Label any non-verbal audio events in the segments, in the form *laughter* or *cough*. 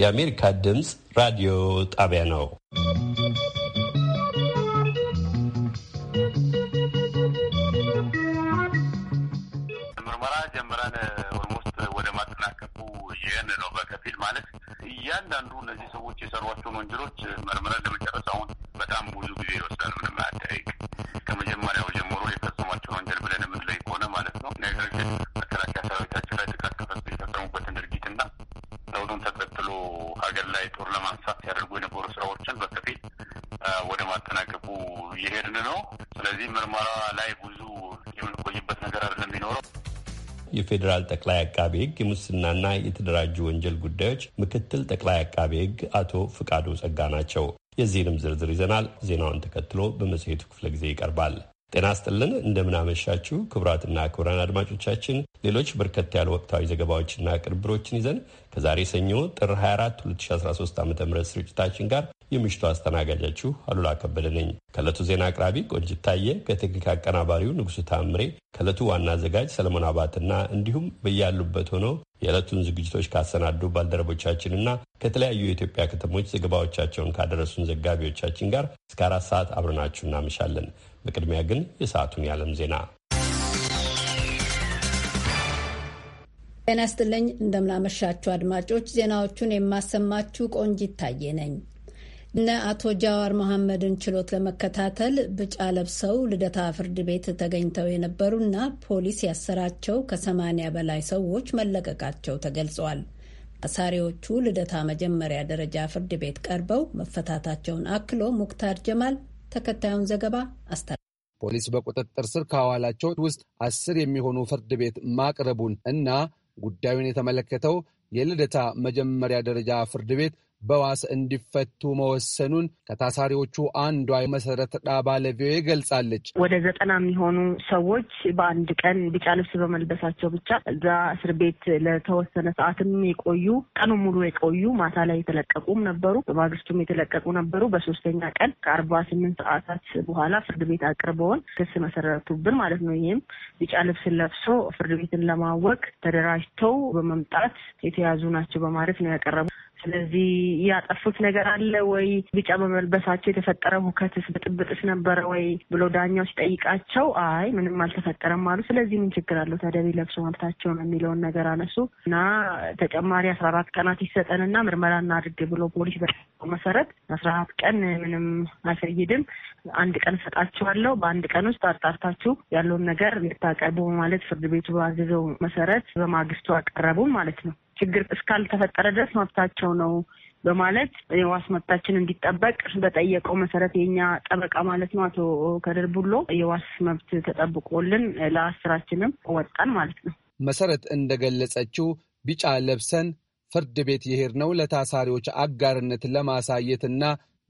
የአሜሪካ ድምፅ ራዲዮ ጣቢያ ነው። ምርመራ ጀምረን ኦልሞስት ወደ ማጠናቀቁ ይህን ነው በከፊል ማለት እያንዳንዱ እነዚህ ሰዎች የሰሯቸውን ወንጀሎች መርምረን ለመጨረስ አሁን በጣም ብዙ ጊዜ ይወስዳል። ምንም አያጠያይቅ ከመጀመሪያው የፌዴራል ጠቅላይ አቃቤ ሕግ የሙስናና የተደራጁ ወንጀል ጉዳዮች ምክትል ጠቅላይ አቃቤ ሕግ አቶ ፍቃዱ ጸጋ ናቸው። የዚህንም ዝርዝር ይዘናል። ዜናውን ተከትሎ በመጽሔቱ ክፍለ ጊዜ ይቀርባል። ጤና ስጥልን እንደምናመሻችሁ ክቡራትና ክቡራን አድማጮቻችን ሌሎች በርከት ያሉ ወቅታዊ ዘገባዎችና ቅንብሮችን ይዘን ከዛሬ ሰኞ ጥር 24 2013 ዓ ም ስርጭታችን ጋር የምሽቱ አስተናጋጃችሁ አሉላ ከበደ ነኝ። ከእለቱ ዜና አቅራቢ ቆንጅት ታየ፣ ከቴክኒክ አቀናባሪው ንጉሱ ታምሬ፣ ከእለቱ ዋና አዘጋጅ ሰለሞን አባትና እንዲሁም በያሉበት ሆኖ የዕለቱን ዝግጅቶች ካሰናዱ ባልደረቦቻችንና ከተለያዩ የኢትዮጵያ ከተሞች ዘገባዎቻቸውን ካደረሱን ዘጋቢዎቻችን ጋር እስከ አራት ሰዓት አብረናችሁ እናመሻለን። በቅድሚያ ግን የሰዓቱን የዓለም ዜና ጤና ይስጥልኝ። እንደምናመሻችሁ አድማጮች፣ ዜናዎቹን የማሰማችሁ ቆንጅ ይታየ ነኝ። እነ አቶ ጃዋር መሐመድን ችሎት ለመከታተል ቢጫ ለብሰው ልደታ ፍርድ ቤት ተገኝተው የነበሩና ፖሊስ ያሰራቸው ከሰማንያ በላይ ሰዎች መለቀቃቸው ተገልጿል። አሳሪዎቹ ልደታ መጀመሪያ ደረጃ ፍርድ ቤት ቀርበው መፈታታቸውን አክሎ ሙክታር ጀማል ተከታዩን ዘገባ አስተላ ፖሊስ በቁጥጥር ስር ካዋላቸው ውስጥ አስር የሚሆኑ ፍርድ ቤት ማቅረቡን እና ጉዳዩን የተመለከተው የልደታ መጀመሪያ ደረጃ ፍርድ ቤት በዋስ እንዲፈቱ መወሰኑን ከታሳሪዎቹ አንዷ መሰረት ዳባ ለቪኦኤ ገልጻለች። ወደ ዘጠና የሚሆኑ ሰዎች በአንድ ቀን ቢጫ ልብስ በመልበሳቸው ብቻ እዛ እስር ቤት ለተወሰነ ሰዓትም የቆዩ ቀኑ ሙሉ የቆዩ ማታ ላይ የተለቀቁም ነበሩ፣ በማግስቱም የተለቀቁ ነበሩ። በሶስተኛ ቀን ከአርባ ስምንት ሰዓታት በኋላ ፍርድ ቤት አቅርበውን ክስ መሰረቱብን ማለት ነው። ይህም ቢጫ ልብስ ለብሶ ፍርድ ቤትን ለማወቅ ተደራጅተው በመምጣት የተያዙ ናቸው በማለት ነው ያቀረቡ። ስለዚህ ያጠፉት ነገር አለ ወይ? ቢጫ በመልበሳቸው የተፈጠረ ሁከትስ ብጥብጥስ ነበረ ወይ ብሎ ዳኛው ሲጠይቃቸው አይ ምንም አልተፈጠረም አሉ። ስለዚህ ምን ችግር አለው ተደቢ ለብሶ ማለታቸው ነው የሚለውን ነገር አነሱ እና ተጨማሪ አስራ አራት ቀናት ይሰጠንና ምርመራ እናድርግ ብሎ ፖሊስ በጠየቀው መሰረት አስራ አራት ቀን ምንም አይፈይድም፣ አንድ ቀን እሰጣችኋለሁ። በአንድ ቀን ውስጥ አጣርታችሁ ያለውን ነገር እንድታቀርቡ ማለት ፍርድ ቤቱ ባዘዘው መሰረት በማግስቱ አቀረቡ ማለት ነው። ችግር እስካልተፈጠረ ድረስ መብታቸው ነው በማለት የዋስ መብታችን እንዲጠበቅ በጠየቀው መሰረት የኛ ጠበቃ ማለት ነው አቶ ከድር ቡሎ የዋስ መብት ተጠብቆልን ለአስራችንም ወጣን ማለት ነው። መሰረት እንደገለጸችው ቢጫ ለብሰን ፍርድ ቤት የሄድነው ለታሳሪዎች አጋርነት ለማሳየትና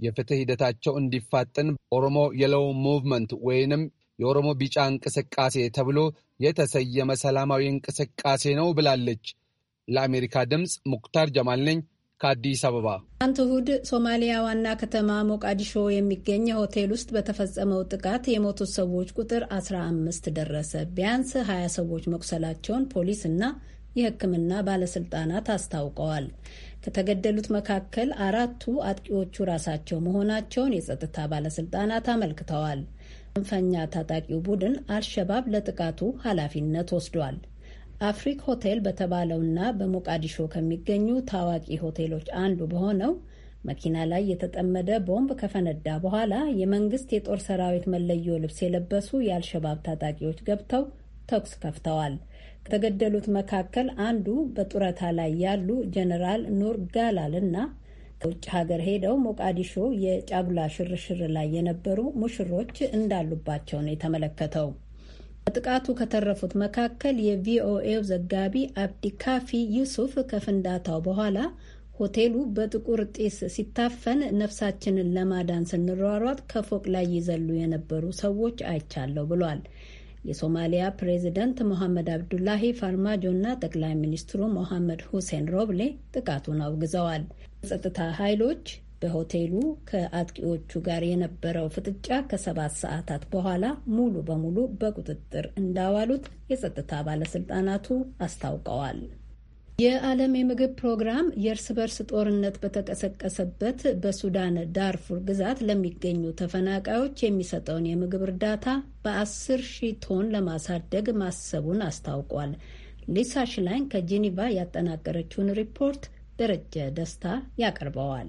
የፍትህ ሂደታቸው እንዲፋጥን ኦሮሞ የለው ሙቭመንት ወይንም የኦሮሞ ቢጫ እንቅስቃሴ ተብሎ የተሰየመ ሰላማዊ እንቅስቃሴ ነው ብላለች። ለአሜሪካ ድምፅ ሙክታር ጀማል ነኝ ከአዲስ አበባ። አንት እሁድ ሶማሊያ ዋና ከተማ ሞቃዲሾ የሚገኝ ሆቴል ውስጥ በተፈጸመው ጥቃት የሞቱት ሰዎች ቁጥር 15 ደረሰ። ቢያንስ 20 ሰዎች መቁሰላቸውን ፖሊስ እና የሕክምና ባለስልጣናት አስታውቀዋል። ከተገደሉት መካከል አራቱ አጥቂዎቹ ራሳቸው መሆናቸውን የጸጥታ ባለስልጣናት አመልክተዋል። ጽንፈኛ ታጣቂው ቡድን አልሸባብ ለጥቃቱ ኃላፊነት ወስዷል። አፍሪክ ሆቴል በተባለውና በሞቃዲሾ ከሚገኙ ታዋቂ ሆቴሎች አንዱ በሆነው መኪና ላይ የተጠመደ ቦምብ ከፈነዳ በኋላ የመንግስት የጦር ሰራዊት መለዮ ልብስ የለበሱ የአልሸባብ ታጣቂዎች ገብተው ተኩስ ከፍተዋል። ከተገደሉት መካከል አንዱ በጡረታ ላይ ያሉ ጀኔራል ኑር ጋላል እና ከውጭ ሀገር ሄደው ሞቃዲሾ የጫጉላ ሽርሽር ላይ የነበሩ ሙሽሮች እንዳሉባቸው ነው የተመለከተው። በጥቃቱ ከተረፉት መካከል የቪኦኤው ዘጋቢ አብዲ ካፊ ዩሱፍ ከፍንዳታው በኋላ ሆቴሉ በጥቁር ጢስ ሲታፈን ነፍሳችንን ለማዳን ስንሯሯጥ ከፎቅ ላይ ይዘሉ የነበሩ ሰዎች አይቻለሁ ብሏል። የሶማሊያ ፕሬዚደንት ሞሐመድ አብዱላሂ ፋርማጆና ጠቅላይ ሚኒስትሩ ሞሐመድ ሁሴን ሮብሌ ጥቃቱን አውግዘዋል። የጸጥታ ኃይሎች በሆቴሉ ከአጥቂዎቹ ጋር የነበረው ፍጥጫ ከሰባት ሰዓታት በኋላ ሙሉ በሙሉ በቁጥጥር እንዳዋሉት የጸጥታ ባለስልጣናቱ አስታውቀዋል። የዓለም የምግብ ፕሮግራም የእርስ በርስ ጦርነት በተቀሰቀሰበት በሱዳን ዳርፉር ግዛት ለሚገኙ ተፈናቃዮች የሚሰጠውን የምግብ እርዳታ በአስር ሺህ ቶን ለማሳደግ ማሰቡን አስታውቋል። ሊሳ ሽላይን ከጄኒቫ ያጠናቀረችውን ሪፖርት ደረጀ ደስታ ያቀርበዋል።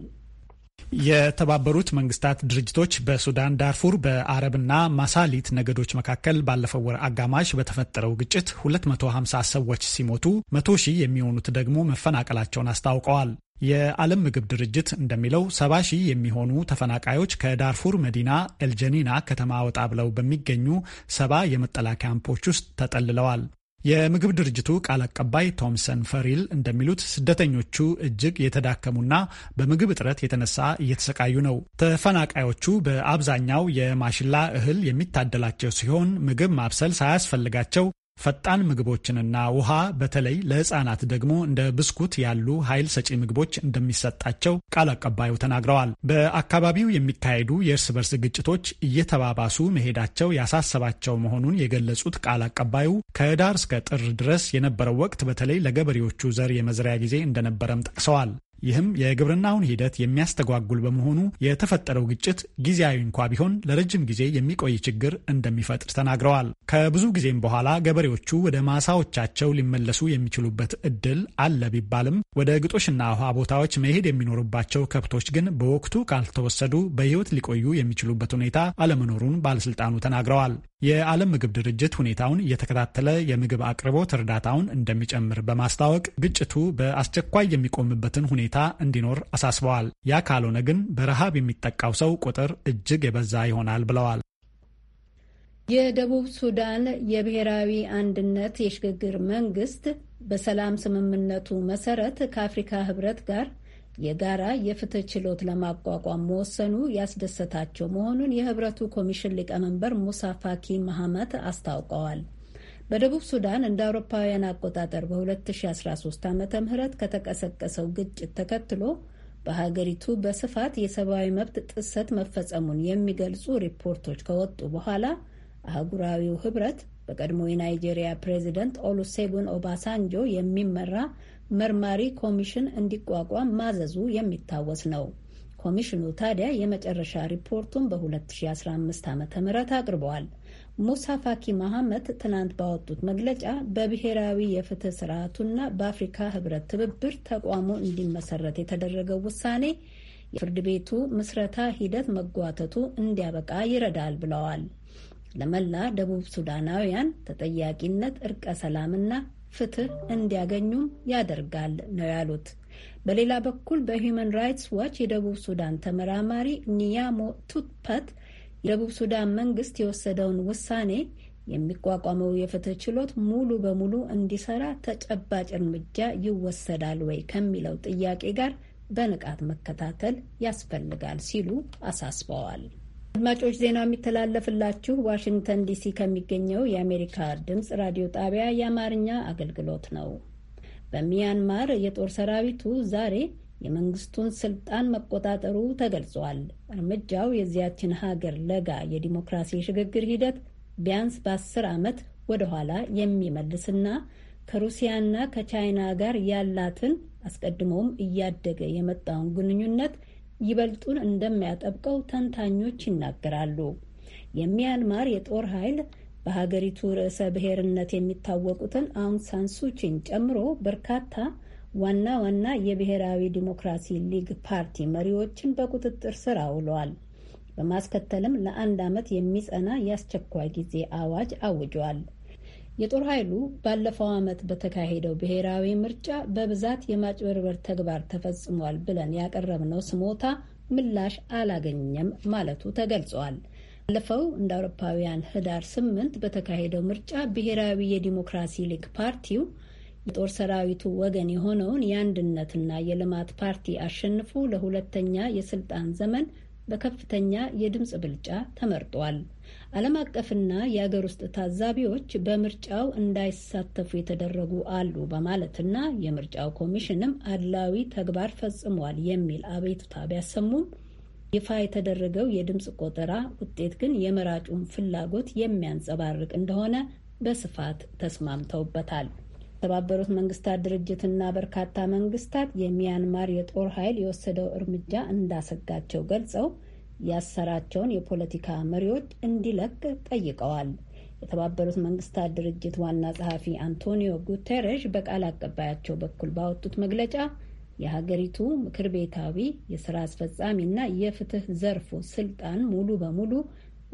የተባበሩት መንግስታት ድርጅቶች በሱዳን ዳርፉር በአረብና ማሳሊት ነገዶች መካከል ባለፈው ወር አጋማሽ በተፈጠረው ግጭት 250 ሰዎች ሲሞቱ 100 ሺህ የሚሆኑት ደግሞ መፈናቀላቸውን አስታውቀዋል። የዓለም ምግብ ድርጅት እንደሚለው 70 ሺህ የሚሆኑ ተፈናቃዮች ከዳርፉር መዲና ኤልጀኒና ከተማ ወጣ ብለው በሚገኙ ሰባ የመጠላከያ ካምፖች ውስጥ ተጠልለዋል። የምግብ ድርጅቱ ቃል አቀባይ ቶምሰን ፈሪል እንደሚሉት ስደተኞቹ እጅግ የተዳከሙና በምግብ እጥረት የተነሳ እየተሰቃዩ ነው። ተፈናቃዮቹ በአብዛኛው የማሽላ እህል የሚታደላቸው ሲሆን ምግብ ማብሰል ሳያስፈልጋቸው ፈጣን ምግቦችንና ውሃ በተለይ ለህፃናት ደግሞ እንደ ብስኩት ያሉ ኃይል ሰጪ ምግቦች እንደሚሰጣቸው ቃል አቀባዩ ተናግረዋል። በአካባቢው የሚካሄዱ የእርስ በርስ ግጭቶች እየተባባሱ መሄዳቸው ያሳሰባቸው መሆኑን የገለጹት ቃል አቀባዩ ከህዳር እስከ ጥር ድረስ የነበረው ወቅት በተለይ ለገበሬዎቹ ዘር የመዝሪያ ጊዜ እንደነበረም ጠቅሰዋል። ይህም የግብርናውን ሂደት የሚያስተጓጉል በመሆኑ የተፈጠረው ግጭት ጊዜያዊ እንኳ ቢሆን ለረጅም ጊዜ የሚቆይ ችግር እንደሚፈጥር ተናግረዋል። ከብዙ ጊዜም በኋላ ገበሬዎቹ ወደ ማሳዎቻቸው ሊመለሱ የሚችሉበት እድል አለ ቢባልም ወደ ግጦሽና ውሃ ቦታዎች መሄድ የሚኖሩባቸው ከብቶች ግን በወቅቱ ካልተወሰዱ በሕይወት ሊቆዩ የሚችሉበት ሁኔታ አለመኖሩን ባለስልጣኑ ተናግረዋል። የዓለም ምግብ ድርጅት ሁኔታውን እየተከታተለ የምግብ አቅርቦት እርዳታውን እንደሚጨምር በማስታወቅ ግጭቱ በአስቸኳይ የሚቆምበትን ሁኔታ እንዲኖር አሳስበዋል። ያ ካልሆነ ግን በረሃብ የሚጠቃው ሰው ቁጥር እጅግ የበዛ ይሆናል ብለዋል። የደቡብ ሱዳን የብሔራዊ አንድነት የሽግግር መንግስት በሰላም ስምምነቱ መሰረት ከአፍሪካ ህብረት ጋር የጋራ የፍትህ ችሎት ለማቋቋም መወሰኑ ያስደሰታቸው መሆኑን የህብረቱ ኮሚሽን ሊቀመንበር ሙሳ ፋኪ መሐመት አስታውቀዋል። በደቡብ ሱዳን እንደ አውሮፓውያን አቆጣጠር በ2013 ዓ ም ከተቀሰቀሰው ግጭት ተከትሎ በሀገሪቱ በስፋት የሰብአዊ መብት ጥሰት መፈጸሙን የሚገልጹ ሪፖርቶች ከወጡ በኋላ አህጉራዊው ህብረት በቀድሞ የናይጄሪያ ፕሬዚደንት ኦሉሴጉን ኦባሳንጆ የሚመራ መርማሪ ኮሚሽን እንዲቋቋም ማዘዙ የሚታወስ ነው። ኮሚሽኑ ታዲያ የመጨረሻ ሪፖርቱን በ2015 ዓ ም አቅርበዋል። ሙሳ ፋኪ መሐመድ ትናንት ባወጡት መግለጫ በብሔራዊ የፍትህ ስርዓቱና በአፍሪካ ህብረት ትብብር ተቋሙ እንዲመሰረት የተደረገው ውሳኔ የፍርድ ቤቱ ምስረታ ሂደት መጓተቱ እንዲያበቃ ይረዳል ብለዋል። ለመላ ደቡብ ሱዳናውያን ተጠያቂነት፣ እርቀ ሰላምና ፍትህ እንዲያገኙም ያደርጋል ነው ያሉት። በሌላ በኩል በሂውማን ራይትስ ዋች የደቡብ ሱዳን ተመራማሪ ኒያሞ ቱትፐት የደቡብ ሱዳን መንግስት የወሰደውን ውሳኔ የሚቋቋመው የፍትህ ችሎት ሙሉ በሙሉ እንዲሰራ ተጨባጭ እርምጃ ይወሰዳል ወይ ከሚለው ጥያቄ ጋር በንቃት መከታተል ያስፈልጋል ሲሉ አሳስበዋል። አድማጮች ዜናው የሚተላለፍላችሁ ዋሽንግተን ዲሲ ከሚገኘው የአሜሪካ ድምጽ ራዲዮ ጣቢያ የአማርኛ አገልግሎት ነው። በሚያንማር የጦር ሰራዊቱ ዛሬ የመንግስቱን ስልጣን መቆጣጠሩ ተገልጿል። እርምጃው የዚያችን ሀገር ለጋ የዲሞክራሲ ሽግግር ሂደት ቢያንስ በአስር ዓመት ወደኋላ የሚመልስና ከሩሲያና ከቻይና ጋር ያላትን አስቀድሞም እያደገ የመጣውን ግንኙነት ይበልጡን እንደሚያጠብቀው ተንታኞች ይናገራሉ። የሚያንማር የጦር ኃይል በሀገሪቱ ርዕሰ ብሔርነት የሚታወቁትን አውንግ ጨምሮ በርካታ ዋና ዋና የብሔራዊ ዲሞክራሲ ሊግ ፓርቲ መሪዎችን በቁጥጥር ስር አውሏል። በማስከተልም ለአንድ ዓመት የሚጸና የአስቸኳይ ጊዜ አዋጅ አውጇል። የጦር ኃይሉ ባለፈው ዓመት በተካሄደው ብሔራዊ ምርጫ በብዛት የማጭበርበር ተግባር ተፈጽሟል ብለን ያቀረብነው ስሞታ ምላሽ አላገኘም ማለቱ ተገልጿል። ባለፈው እንደ አውሮፓውያን ህዳር ስምንት በተካሄደው ምርጫ ብሔራዊ የዲሞክራሲ ሊግ ፓርቲው የጦር ሰራዊቱ ወገን የሆነውን የአንድነትና የልማት ፓርቲ አሸንፎ ለሁለተኛ የስልጣን ዘመን በከፍተኛ የድምፅ ብልጫ ተመርጧል። ዓለም አቀፍና የአገር ውስጥ ታዛቢዎች በምርጫው እንዳይሳተፉ የተደረጉ አሉ በማለትና የምርጫው ኮሚሽንም አድላዊ ተግባር ፈጽሟል የሚል አቤቱታ ቢያሰሙም ይፋ የተደረገው የድምፅ ቆጠራ ውጤት ግን የመራጩን ፍላጎት የሚያንጸባርቅ እንደሆነ በስፋት ተስማምተውበታል። የተባበሩት መንግስታት ድርጅትና በርካታ መንግስታት የሚያንማር የጦር ኃይል የወሰደው እርምጃ እንዳሰጋቸው ገልጸው ያሰራቸውን የፖለቲካ መሪዎች እንዲለቅ ጠይቀዋል። የተባበሩት መንግስታት ድርጅት ዋና ጸሐፊ አንቶኒዮ ጉቴሬሽ በቃል አቀባያቸው በኩል ባወጡት መግለጫ የሀገሪቱ ምክር ቤታዊ የስራ አስፈጻሚና የፍትህ ዘርፉ ስልጣን ሙሉ በሙሉ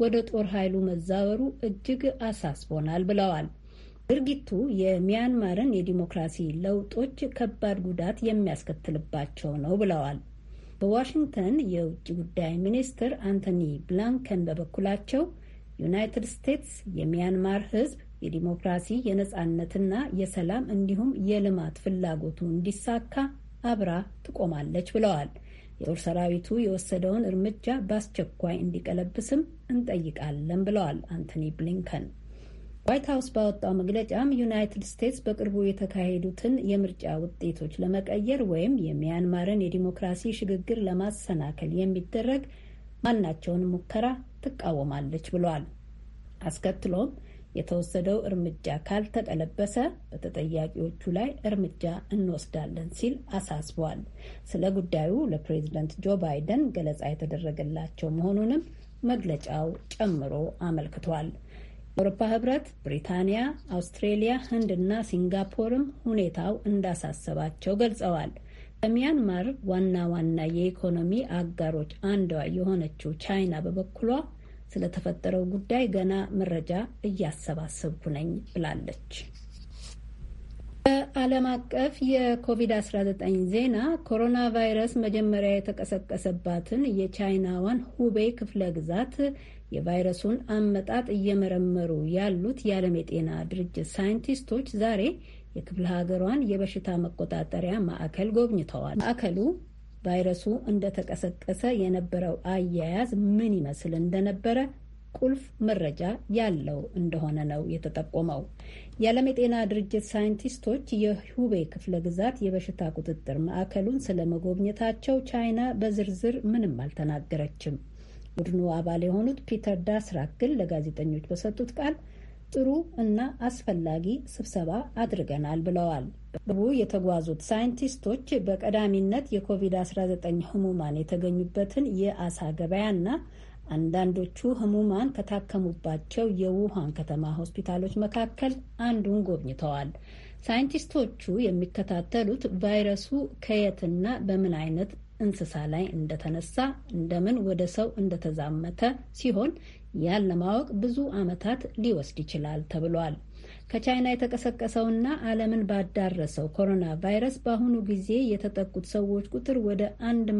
ወደ ጦር ኃይሉ መዛወሩ እጅግ አሳስቦናል ብለዋል። ድርጊቱ የሚያንማርን የዲሞክራሲ ለውጦች ከባድ ጉዳት የሚያስከትልባቸው ነው ብለዋል። በዋሽንግተን የውጭ ጉዳይ ሚኒስትር አንቶኒ ብላንከን በበኩላቸው ዩናይትድ ስቴትስ የሚያንማር ሕዝብ የዲሞክራሲ የነጻነትና የሰላም እንዲሁም የልማት ፍላጎቱ እንዲሳካ አብራ ትቆማለች ብለዋል። የጦር ሰራዊቱ የወሰደውን እርምጃ በአስቸኳይ እንዲቀለብስም እንጠይቃለን ብለዋል አንቶኒ ብሊንከን። ዋይት ሀውስ ባወጣው መግለጫም ዩናይትድ ስቴትስ በቅርቡ የተካሄዱትን የምርጫ ውጤቶች ለመቀየር ወይም የሚያንማርን የዲሞክራሲ ሽግግር ለማሰናከል የሚደረግ ማናቸውን ሙከራ ትቃወማለች ብሏል። አስከትሎም የተወሰደው እርምጃ ካልተቀለበሰ በተጠያቂዎቹ ላይ እርምጃ እንወስዳለን ሲል አሳስቧል። ስለ ጉዳዩ ለፕሬዝደንት ጆ ባይደን ገለጻ የተደረገላቸው መሆኑንም መግለጫው ጨምሮ አመልክቷል። የአውሮፓ ህብረት፣ ብሪታንያ፣ አውስትሬሊያ፣ ህንድ እና ሲንጋፖርም ሁኔታው እንዳሳሰባቸው ገልጸዋል። በሚያንማር ዋና ዋና የኢኮኖሚ አጋሮች አንዷ የሆነችው ቻይና በበኩሏ ስለተፈጠረው ጉዳይ ገና መረጃ እያሰባሰብኩ ነኝ ብላለች። በዓለም አቀፍ የኮቪድ-19 ዜና ኮሮና ቫይረስ መጀመሪያ የተቀሰቀሰባትን የቻይናዋን ሁቤይ ክፍለ ግዛት የቫይረሱን አመጣጥ እየመረመሩ ያሉት የዓለም የጤና ድርጅት ሳይንቲስቶች ዛሬ የክፍለ ሀገሯን የበሽታ መቆጣጠሪያ ማዕከል ጎብኝተዋል። ማዕከሉ ቫይረሱ እንደተቀሰቀሰ የነበረው አያያዝ ምን ይመስል እንደነበረ ቁልፍ መረጃ ያለው እንደሆነ ነው የተጠቆመው። የዓለም የጤና ድርጅት ሳይንቲስቶች የሁቤ ክፍለ ግዛት የበሽታ ቁጥጥር ማዕከሉን ስለመጎብኘታቸው ቻይና በዝርዝር ምንም አልተናገረችም። ቡድኑ አባል የሆኑት ፒተር ዳስራክ ግን ለጋዜጠኞች በሰጡት ቃል ጥሩ እና አስፈላጊ ስብሰባ አድርገናል ብለዋል። በቅርቡ የተጓዙት ሳይንቲስቶች በቀዳሚነት የኮቪድ-19 ህሙማን የተገኙበትን የአሳ ገበያና አንዳንዶቹ ህሙማን ከታከሙባቸው የውሃን ከተማ ሆስፒታሎች መካከል አንዱን ጎብኝተዋል። ሳይንቲስቶቹ የሚከታተሉት ቫይረሱ ከየትና በምን አይነት እንስሳ ላይ እንደተነሳ እንደምን ወደ ሰው እንደተዛመተ ሲሆን ያን ለማወቅ ብዙ ዓመታት ሊወስድ ይችላል ተብሏል። ከቻይና የተቀሰቀሰውና ዓለምን ባዳረሰው ኮሮና ቫይረስ በአሁኑ ጊዜ የተጠቁት ሰዎች ቁጥር ወደ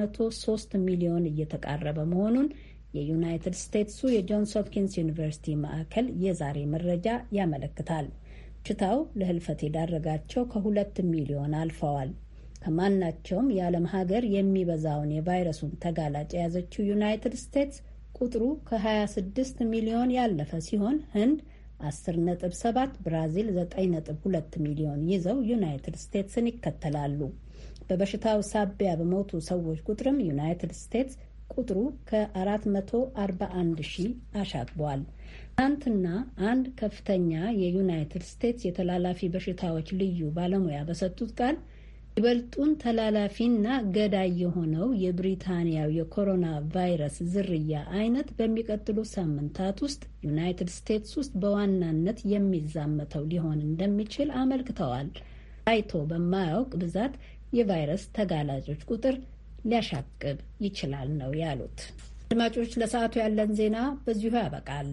103 ሚሊዮን እየተቃረበ መሆኑን የዩናይትድ ስቴትሱ የጆንስ ሆፕኪንስ ዩኒቨርሲቲ ማዕከል የዛሬ መረጃ ያመለክታል። ችታው ለህልፈት የዳረጋቸው ከሁለት ሚሊዮን አልፈዋል። ከማናቸውም የዓለም ሀገር የሚበዛውን የቫይረሱን ተጋላጭ የያዘችው ዩናይትድ ስቴትስ ቁጥሩ ከ26 ሚሊዮን ያለፈ ሲሆን ህንድ 10.7፣ ብራዚል 9.2 ሚሊዮን ይዘው ዩናይትድ ስቴትስን ይከተላሉ። በበሽታው ሳቢያ በሞቱ ሰዎች ቁጥርም ዩናይትድ ስቴትስ ቁጥሩ ከ441 ሺህ አሻግቧል። ትናንትና አንድ ከፍተኛ የዩናይትድ ስቴትስ የተላላፊ በሽታዎች ልዩ ባለሙያ በሰጡት ቃል ይበልጡን ተላላፊና ገዳይ የሆነው የብሪታንያው የኮሮና ቫይረስ ዝርያ አይነት በሚቀጥሉ ሳምንታት ውስጥ ዩናይትድ ስቴትስ ውስጥ በዋናነት የሚዛመተው ሊሆን እንደሚችል አመልክተዋል። አይቶ በማያውቅ ብዛት የቫይረስ ተጋላጮች ቁጥር ሊያሻቅብ ይችላል ነው ያሉት። አድማጮች፣ ለሰዓቱ ያለን ዜና በዚሁ ያበቃል።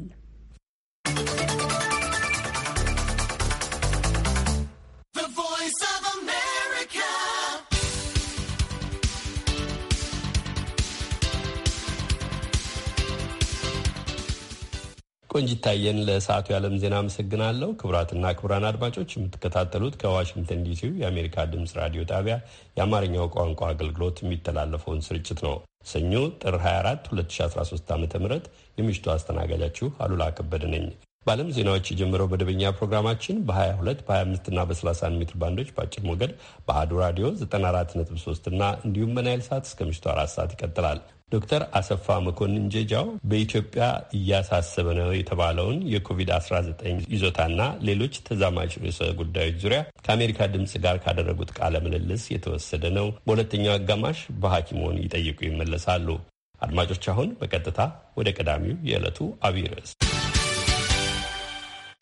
ቆንጅታየን ለሰዓቱ የዓለም ዜና አመሰግናለሁ። ክቡራትና ክቡራን አድማጮች የምትከታተሉት ከዋሽንግተን ዲሲው የአሜሪካ ድምፅ ራዲዮ ጣቢያ የአማርኛው ቋንቋ አገልግሎት የሚተላለፈውን ስርጭት ነው። ሰኞ ጥር 24 2013 ዓ ም የምሽቱ አስተናጋጃችሁ አሉላ ከበደ ነኝ። በዓለም ዜናዎች የጀመረው መደበኛ ፕሮግራማችን በ22 በ25ና በ31 ሜትር ባንዶች በአጭር ሞገድ በአሀዱ ራዲዮ 943 እና እንዲሁም በናይል ሰዓት እስከ ምሽቱ አራት ሰዓት ይቀጥላል። ዶክተር አሰፋ መኮንን ጀጃው በኢትዮጵያ እያሳሰበ ነው የተባለውን የኮቪድ-19 ይዞታና ሌሎች ተዛማጅ ርዕሰ ጉዳዮች ዙሪያ ከአሜሪካ ድምፅ ጋር ካደረጉት ቃለ ምልልስ የተወሰደ ነው። በሁለተኛው አጋማሽ በሐኪሞን ይጠይቁ ይመለሳሉ። አድማጮች፣ አሁን በቀጥታ ወደ ቀዳሚው የዕለቱ አብይ ርዕስ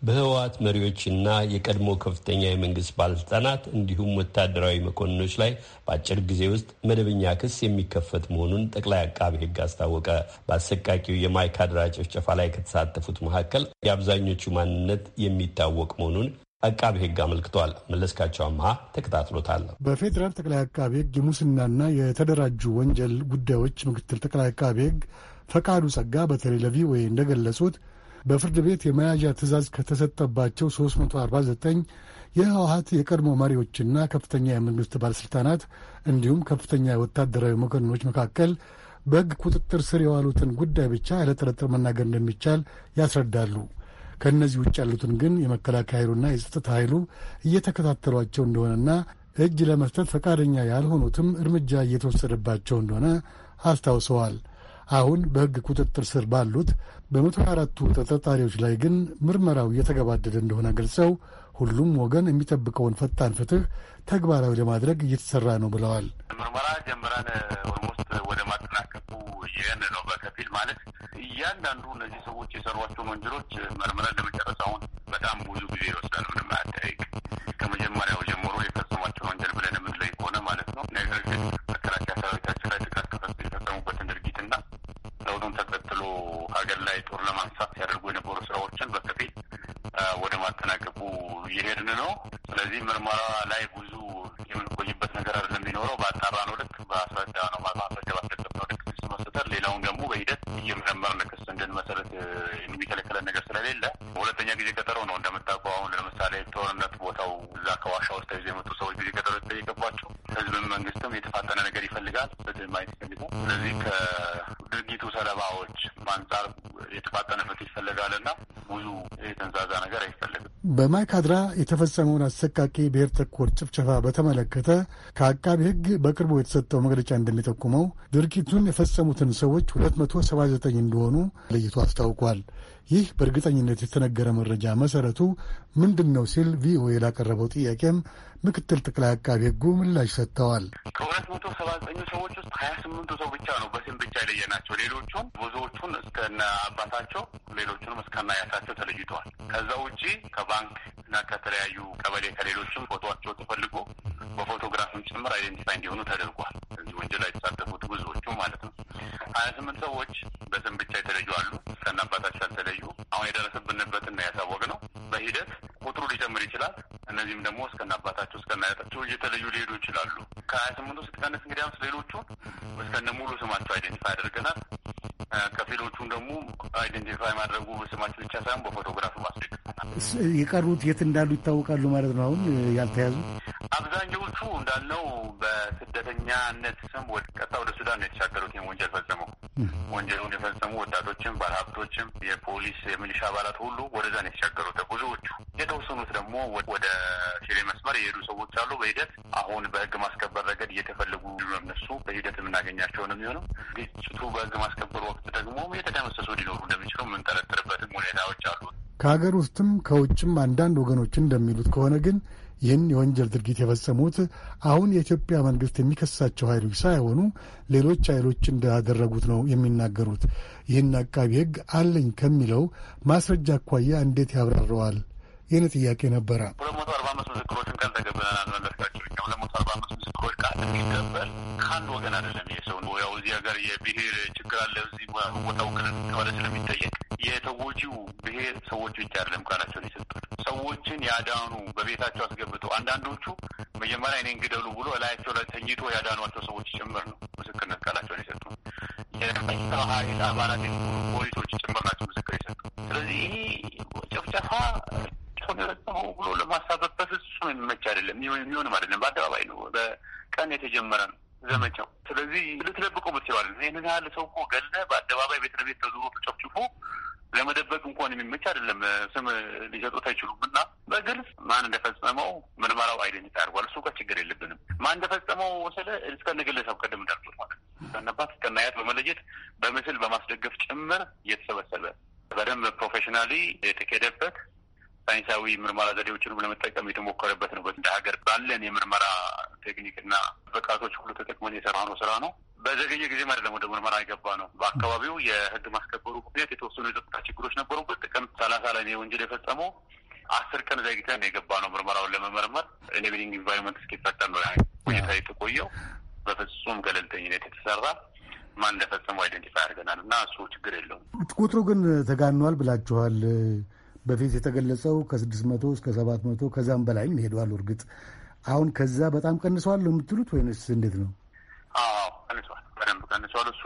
በህወሓት መሪዎችና የቀድሞ ከፍተኛ የመንግስት ባለስልጣናት እንዲሁም ወታደራዊ መኮንኖች ላይ በአጭር ጊዜ ውስጥ መደበኛ ክስ የሚከፈት መሆኑን ጠቅላይ አቃቢ ሕግ አስታወቀ። በአሰቃቂው የማይካድራ ጭፍጨፋ ላይ ከተሳተፉት መካከል የአብዛኞቹ ማንነት የሚታወቅ መሆኑን አቃቢ ሕግ አመልክቷል። መለስካቸው አምሃ ተከታትሎታል። በፌዴራል ጠቅላይ አቃቢ ሕግ የሙስናና የተደራጁ ወንጀል ጉዳዮች ምክትል ጠቅላይ አቃቢ ሕግ ፈቃዱ ጸጋ በተለይ ለቪኦኤ እንደገለጹት በፍርድ ቤት የመያዣ ትዕዛዝ ከተሰጠባቸው 349 የህወሀት የቀድሞ መሪዎችና ከፍተኛ የመንግሥት ባለሥልጣናት እንዲሁም ከፍተኛ ወታደራዊ መኮንኖች መካከል በሕግ ቁጥጥር ስር የዋሉትን ጉዳይ ብቻ ያለጥርጥር መናገር እንደሚቻል ያስረዳሉ። ከእነዚህ ውጭ ያሉትን ግን የመከላከያ ኃይሉና የጸጥታ ኃይሉ እየተከታተሏቸው እንደሆነና እጅ ለመስጠት ፈቃደኛ ያልሆኑትም እርምጃ እየተወሰደባቸው እንደሆነ አስታውሰዋል። አሁን በሕግ ቁጥጥር ስር ባሉት በመቶ አራቱ ተጠርጣሪዎች ላይ ግን ምርመራው እየተገባደደ እንደሆነ ገልጸው ሁሉም ወገን የሚጠብቀውን ፈጣን ፍትህ ተግባራዊ ለማድረግ እየተሰራ ነው ብለዋል። ምርመራ ጀምረን ኦልሞስት ወደ ማጠናቀቁ ይህን ነው በከፊል ማለት እያንዳንዱ እነዚህ ሰዎች የሰሯቸውን ወንጀሎች መርምረን ለመጨረስ በጣም ብዙ ጊዜ ይወስዳል። ምንም አያጠያይቅ ከመጀመሪያው ጀምሮ የፈጸሟቸውን ወንጀል ብለን የምንለይ ከሆነ ማለት ነው ነገር ግን ሀገር ላይ ጦር ለማንሳት ያደርጉ የነበሩ ስራዎችን በከፊል ወደ ማጠናቀቁ እየሄድን ነው። ስለዚህ ምርመራ ላይ ብዙ የምንቆይበት ነገር አለ በማይካድራ የተፈጸመውን አሰቃቂ ብሔር ተኮር ጭፍጨፋ በተመለከተ ከአቃቢ ሕግ በቅርቡ የተሰጠው መግለጫ እንደሚጠቁመው ድርጊቱን የፈጸሙትን ሰዎች 279 እንደሆኑ ለይቶ አስታውቋል። ይህ በእርግጠኝነት የተነገረ መረጃ መሰረቱ ምንድን ነው ሲል ቪኦኤ ላቀረበው ጥያቄም ምክትል ጠቅላይ አቃቢ ሕጉ ምላሽ ሰጥተዋል። ከሁለት መቶ ሰባ ዘጠኙ ሰዎች ውስጥ ሀያ ስምንቱ ሰው ብቻ ነው በስም ብቻ የለየናቸው። ሌሎቹን ብዙዎቹን እስከነ አባታቸው ሌሎቹንም እስከነ አያታቸው ተለይተዋል። ከዛ ውጪ ከባንክ እና ከተለያዩ ቀበሌ ከሌሎችም ፎቶቸው ተፈልጎ በፎቶግራፍም ጭምር አይደንቲፋይ እንዲሆኑ ተደርጓል። እዚህ ወንጀል ላይ የተሳተፉት ብዙዎቹ ማለት ነው። ሀያ ስምንት ሰዎች በስም ብቻ የተለዩ አሉ፣ እስከነ አባታቸው ያልተለዩ። አሁን ያሳወቅ ነው በሂደት ቁጥሩ ሊጨምር ይችላል። እነዚህም ደግሞ እስከነ አባታቸው ናቸው። እስከ እናያታቸው እየተለዩ ሊሄዱ ይችላሉ። ከሀያ ስምንት ውስጥ ቀንስ እንግዲያምስ ሌሎቹ እስከነ ሙሉ ስማቸው አይደንቲፋይ ያደርገናል። ከፊሎቹን ደግሞ አይደንቲፋይ ማድረጉ በስማቸው ብቻ ሳይሆን በፎቶግራፍ ማስደግ የቀሩት የት እንዳሉ ይታወቃሉ ማለት ነው። አሁን ያልተያዙ አብዛኛዎቹ እንዳልነው በስደተኛነት ስም ቀጥታ ወደ ሱዳን ነው የተሻገሩት። ይህም ወንጀል ፈጸመው ወንጀሉን የፈጸሙ ወጣቶችም ባለሀብቶችም፣ የፖሊስ የሚሊሻ አባላት ሁሉ ወደዛ ነው የተሻገሩት። ብዙዎቹ የተወሰኑት ደግሞ ወደ ሽሬ መስመር የሄዱ የሚሄዱ ሰዎች አሉ። በሂደት አሁን በህግ ማስከበር ረገድ እየተፈለጉ እነሱ በሂደት የምናገኛቸው ነው የሚሆነው። ግጭቱ በህግ ማስከበር ወቅት ደግሞ የተደመሰሱ ሊኖሩ እንደሚችሉ የምንጠረጥርበትም ሁኔታዎች አሉ። ከሀገር ውስጥም ከውጭም አንዳንድ ወገኖች እንደሚሉት ከሆነ ግን ይህን የወንጀል ድርጊት የፈጸሙት አሁን የኢትዮጵያ መንግስት የሚከሳቸው ኃይሎች ሳይሆኑ ሌሎች ኃይሎች እንዳደረጉት ነው የሚናገሩት። ይህን አቃቢ ህግ አለኝ ከሚለው ማስረጃ አኳያ እንዴት ያብራረዋል? የኔ ጥያቄ ነበረ። ሁለት መቶ አርባ አምስት ምስክሮችን መለስታቸው ሁለት መቶ አርባ አምስት ምስክሮች ቃል የሚቀበል ከአንድ ወገን አይደለም። ይሄ ሰው ያው እዚህ ሀገር የብሄር ችግር አለ እዚህ ስለሚጠየቅ የተጎጂው ብሄር ሰዎች ብቻ አይደለም ቃላቸውን የሰጡት ሰዎችን ያዳኑ በቤታቸው አስገብተው አንዳንዶቹ መጀመሪያ እኔን ግደሉ ብሎ እላያቸው ላይ ተኝቶ ያዳኗቸው ሰዎች ጭምር ነው ምስክርነት ቃላቸውን የሰጡ የመኝታ አባላት ፖሊሶች ጭምር ናቸው ምስክር የሰጡ ስለዚህ ጭፍጨፋ ሰው ደረሰው ብሎ ለማሳበብ በፍጹም የሚመች አይደለም፣ የሚሆንም አይደለም። በአደባባይ ነው፣ በቀን የተጀመረ ነው ዘመቻው። ስለዚህ ልትደብቀው ብትችላል። ይህንን ያህል ሰው እኮ ገለ በአደባባይ ቤት ለቤት ተዞሮ ተጨፍጭፎ ለመደበቅ እንኳን የሚመች አይደለም። ስም ሊሰጡት አይችሉም። እና በግልጽ ማን እንደፈጸመው ምርመራው አይደንት አድርጓል። እሱ ጋር ችግር የለብንም። ማን እንደፈጸመው ስለ እስከነ ግለሰብ ቅድም እንዳልኩት ማለት ከነባት ከናያት በመለየት በምስል በማስደገፍ ጭምር እየተሰበሰበ በደንብ ፕሮፌሽናሊ የተካሄደበት ሳይንሳዊ ምርመራ ዘዴዎችንም ለመጠቀም የተሞከረበት ነው። እንደ ሀገር ባለን የምርመራ ቴክኒክና ብቃቶች ሁሉ ተጠቅመን የሰራ ነው ስራ ነው። በዘገየ ጊዜም አይደለም ወደ ምርመራ የገባ ነው። በአካባቢው የህግ ማስከበሩ ምክንያት የተወሰኑ የጸጥታ ችግሮች ነበሩበት። ጥቅምት ሰላሳ ላይ ነው ወንጀል የፈጸሙ አስር ቀን ዘግይተን የገባ ነው ምርመራውን ለመመርመር ኢኔብሊንግ ኢንቫይሮንመንት እስኪፈጠር ነው ሁኔታ የተቆየው። በፍጹም ገለልተኝነት የተሰራ ማን እንደፈጸመው አይደንቲፋይ አድርገናል እና እሱ ችግር የለውም። ቁጥሩ ግን ተጋኗል ብላችኋል። በፊት የተገለጸው ከ600 እስከ 700 ከዛም በላይም ሄደዋል። እርግጥ አሁን ከዛ በጣም ቀንሰዋል ነው የምትሉት ወይንስ እንዴት ነው? አዎ ቀንሰዋል፣ በደንብ ቀንሰዋል። እሱ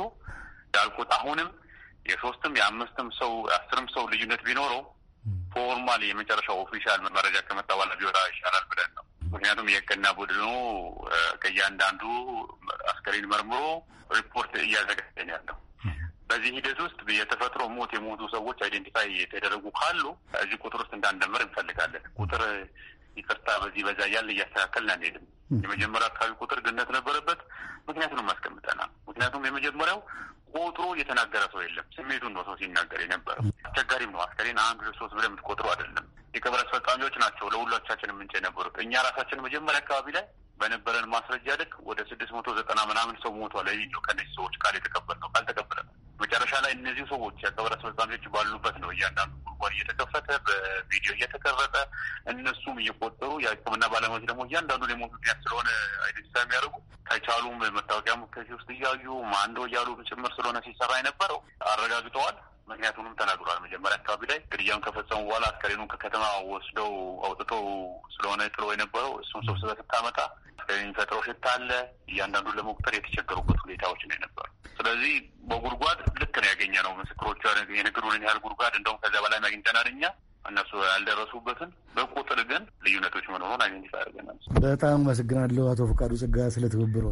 ያልኩት አሁንም የሶስትም የአምስትም ሰው አስርም ሰው ልዩነት ቢኖረው ፎርማል የመጨረሻው ኦፊሻል መረጃ ከመጣ በኋላ ቢወጣ ይሻላል ብለን ነው። ምክንያቱም የህክምና ቡድኑ ከእያንዳንዱ አስከሬን መርምሮ ሪፖርት እያዘጋጀን ያለው በዚህ ሂደት ውስጥ የተፈጥሮ ሞት የሞቱ ሰዎች አይደንቲፋይ የተደረጉ ካሉ እዚህ ቁጥር ውስጥ እንዳንደምር እንፈልጋለን። ቁጥር ይቅርታ፣ በዚህ በዛ እያልን እያስተካከልን አንሄድም። የመጀመሪያ አካባቢ ቁጥር ግነት ነበረበት። ምክንያቱንም አስቀምጠናል። ምክንያቱም የመጀመሪያው ቁጥሩ የተናገረ ሰው የለም። ስሜቱን ነው ሰው ሲናገር የነበረው። አስቸጋሪም ነው። አስከሬን አንድ ሶስት ብለህ የምትቆጥሩ አይደለም። የቀብር አስፈጻሚዎች ናቸው ለሁላቻችን ምንጭ የነበሩት። እኛ ራሳችን መጀመሪያ አካባቢ ላይ በነበረን ማስረጃ ልክ ወደ ስድስት መቶ ዘጠና ምናምን ሰው ሞቷል። ለይ ነው ከነዚህ ሰዎች ቃል የተቀበልነው ቃል ተቀበለ መጨረሻ ላይ እነዚህ ሰዎች የአካባቢ አስፈጻሚዎች ባሉበት ነው እያንዳንዱ ጉድጓድ እየተከፈተ በቪዲዮ እየተቀረጠ እነሱም እየቆጠሩ የሕክምና ባለሙያዎች ደግሞ እያንዳንዱ የሞት ምክንያት ስለሆነ አይደንቲፋይ የሚያደርጉ ከቻሉም መታወቂያ ከዚህ ውስጥ እያዩ ማንዶ እያሉ ጭምር ስለሆነ ሲሰራ የነበረው አረጋግጠዋል። ምክንያቱንም ተናግሯል። መጀመሪያ አካባቢ ላይ ግድያውን ከፈጸሙ በኋላ አስከሬኑን ከከተማ ወስደው አውጥቶ ስለሆነ ጥሎ የነበረው እሱም ሰብስበ ስታመጣ የሚፈጥረው ሽታ አለ። እያንዳንዱን ለመቁጠር የተቸገሩበት ሁኔታዎች ነው የነበሩ። ስለዚህ በጉድጓድ ልክ ነው ያገኘ ነው ምስክሮቹ የንግሩን ያህል ጉድጓድ እንደውም ከዚያ በላይ አግኝተናል እኛ እነሱ ያልደረሱበትን በቁጥር ግን ልዩነቶች መኖሩን አይደንቲፋይ ያደርገናል። በጣም አመሰግናለሁ አቶ ፈቃዱ ጽጋ ስለ ትብብሮ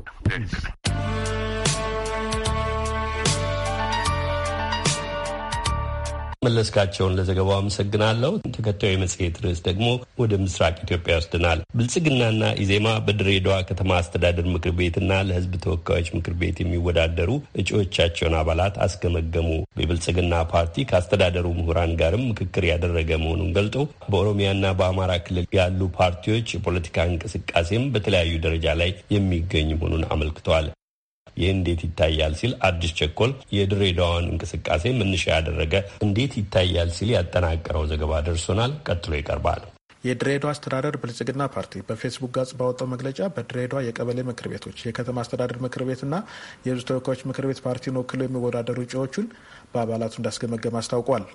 መለስካቸውን ለዘገባው አመሰግናለሁ። ተከታዩ የመጽሔት ርዕስ ደግሞ ወደ ምስራቅ ኢትዮጵያ ይወስድናል። ብልጽግናና ኢዜማ በድሬዳዋ ከተማ አስተዳደር ምክር ቤትና ለሕዝብ ተወካዮች ምክር ቤት የሚወዳደሩ እጩዎቻቸውን አባላት አስገመገሙ። የብልጽግና ፓርቲ ከአስተዳደሩ ምሁራን ጋርም ምክክር ያደረገ መሆኑን ገልጦ በኦሮሚያና በአማራ ክልል ያሉ ፓርቲዎች የፖለቲካ እንቅስቃሴም በተለያዩ ደረጃ ላይ የሚገኝ መሆኑን አመልክቷል። ይህ እንዴት ይታያል ሲል አዲስ ቸኮል የድሬዳዋን እንቅስቃሴ መነሻ ያደረገ እንዴት ይታያል ሲል ያጠናቀረው ዘገባ ደርሶናል። ቀጥሎ ይቀርባል። የድሬዳዋ አስተዳደር ብልጽግና ፓርቲ በፌስቡክ ገጽ ባወጣው መግለጫ በድሬዳዋ የቀበሌ ምክር ቤቶች፣ የከተማ አስተዳደር ምክር ቤትና የሕዝብ ተወካዮች ምክር ቤት ፓርቲን ወክለው የሚወዳደሩ እጩዎቹን በአባላቱ እንዳስገመገም አስታውቋል።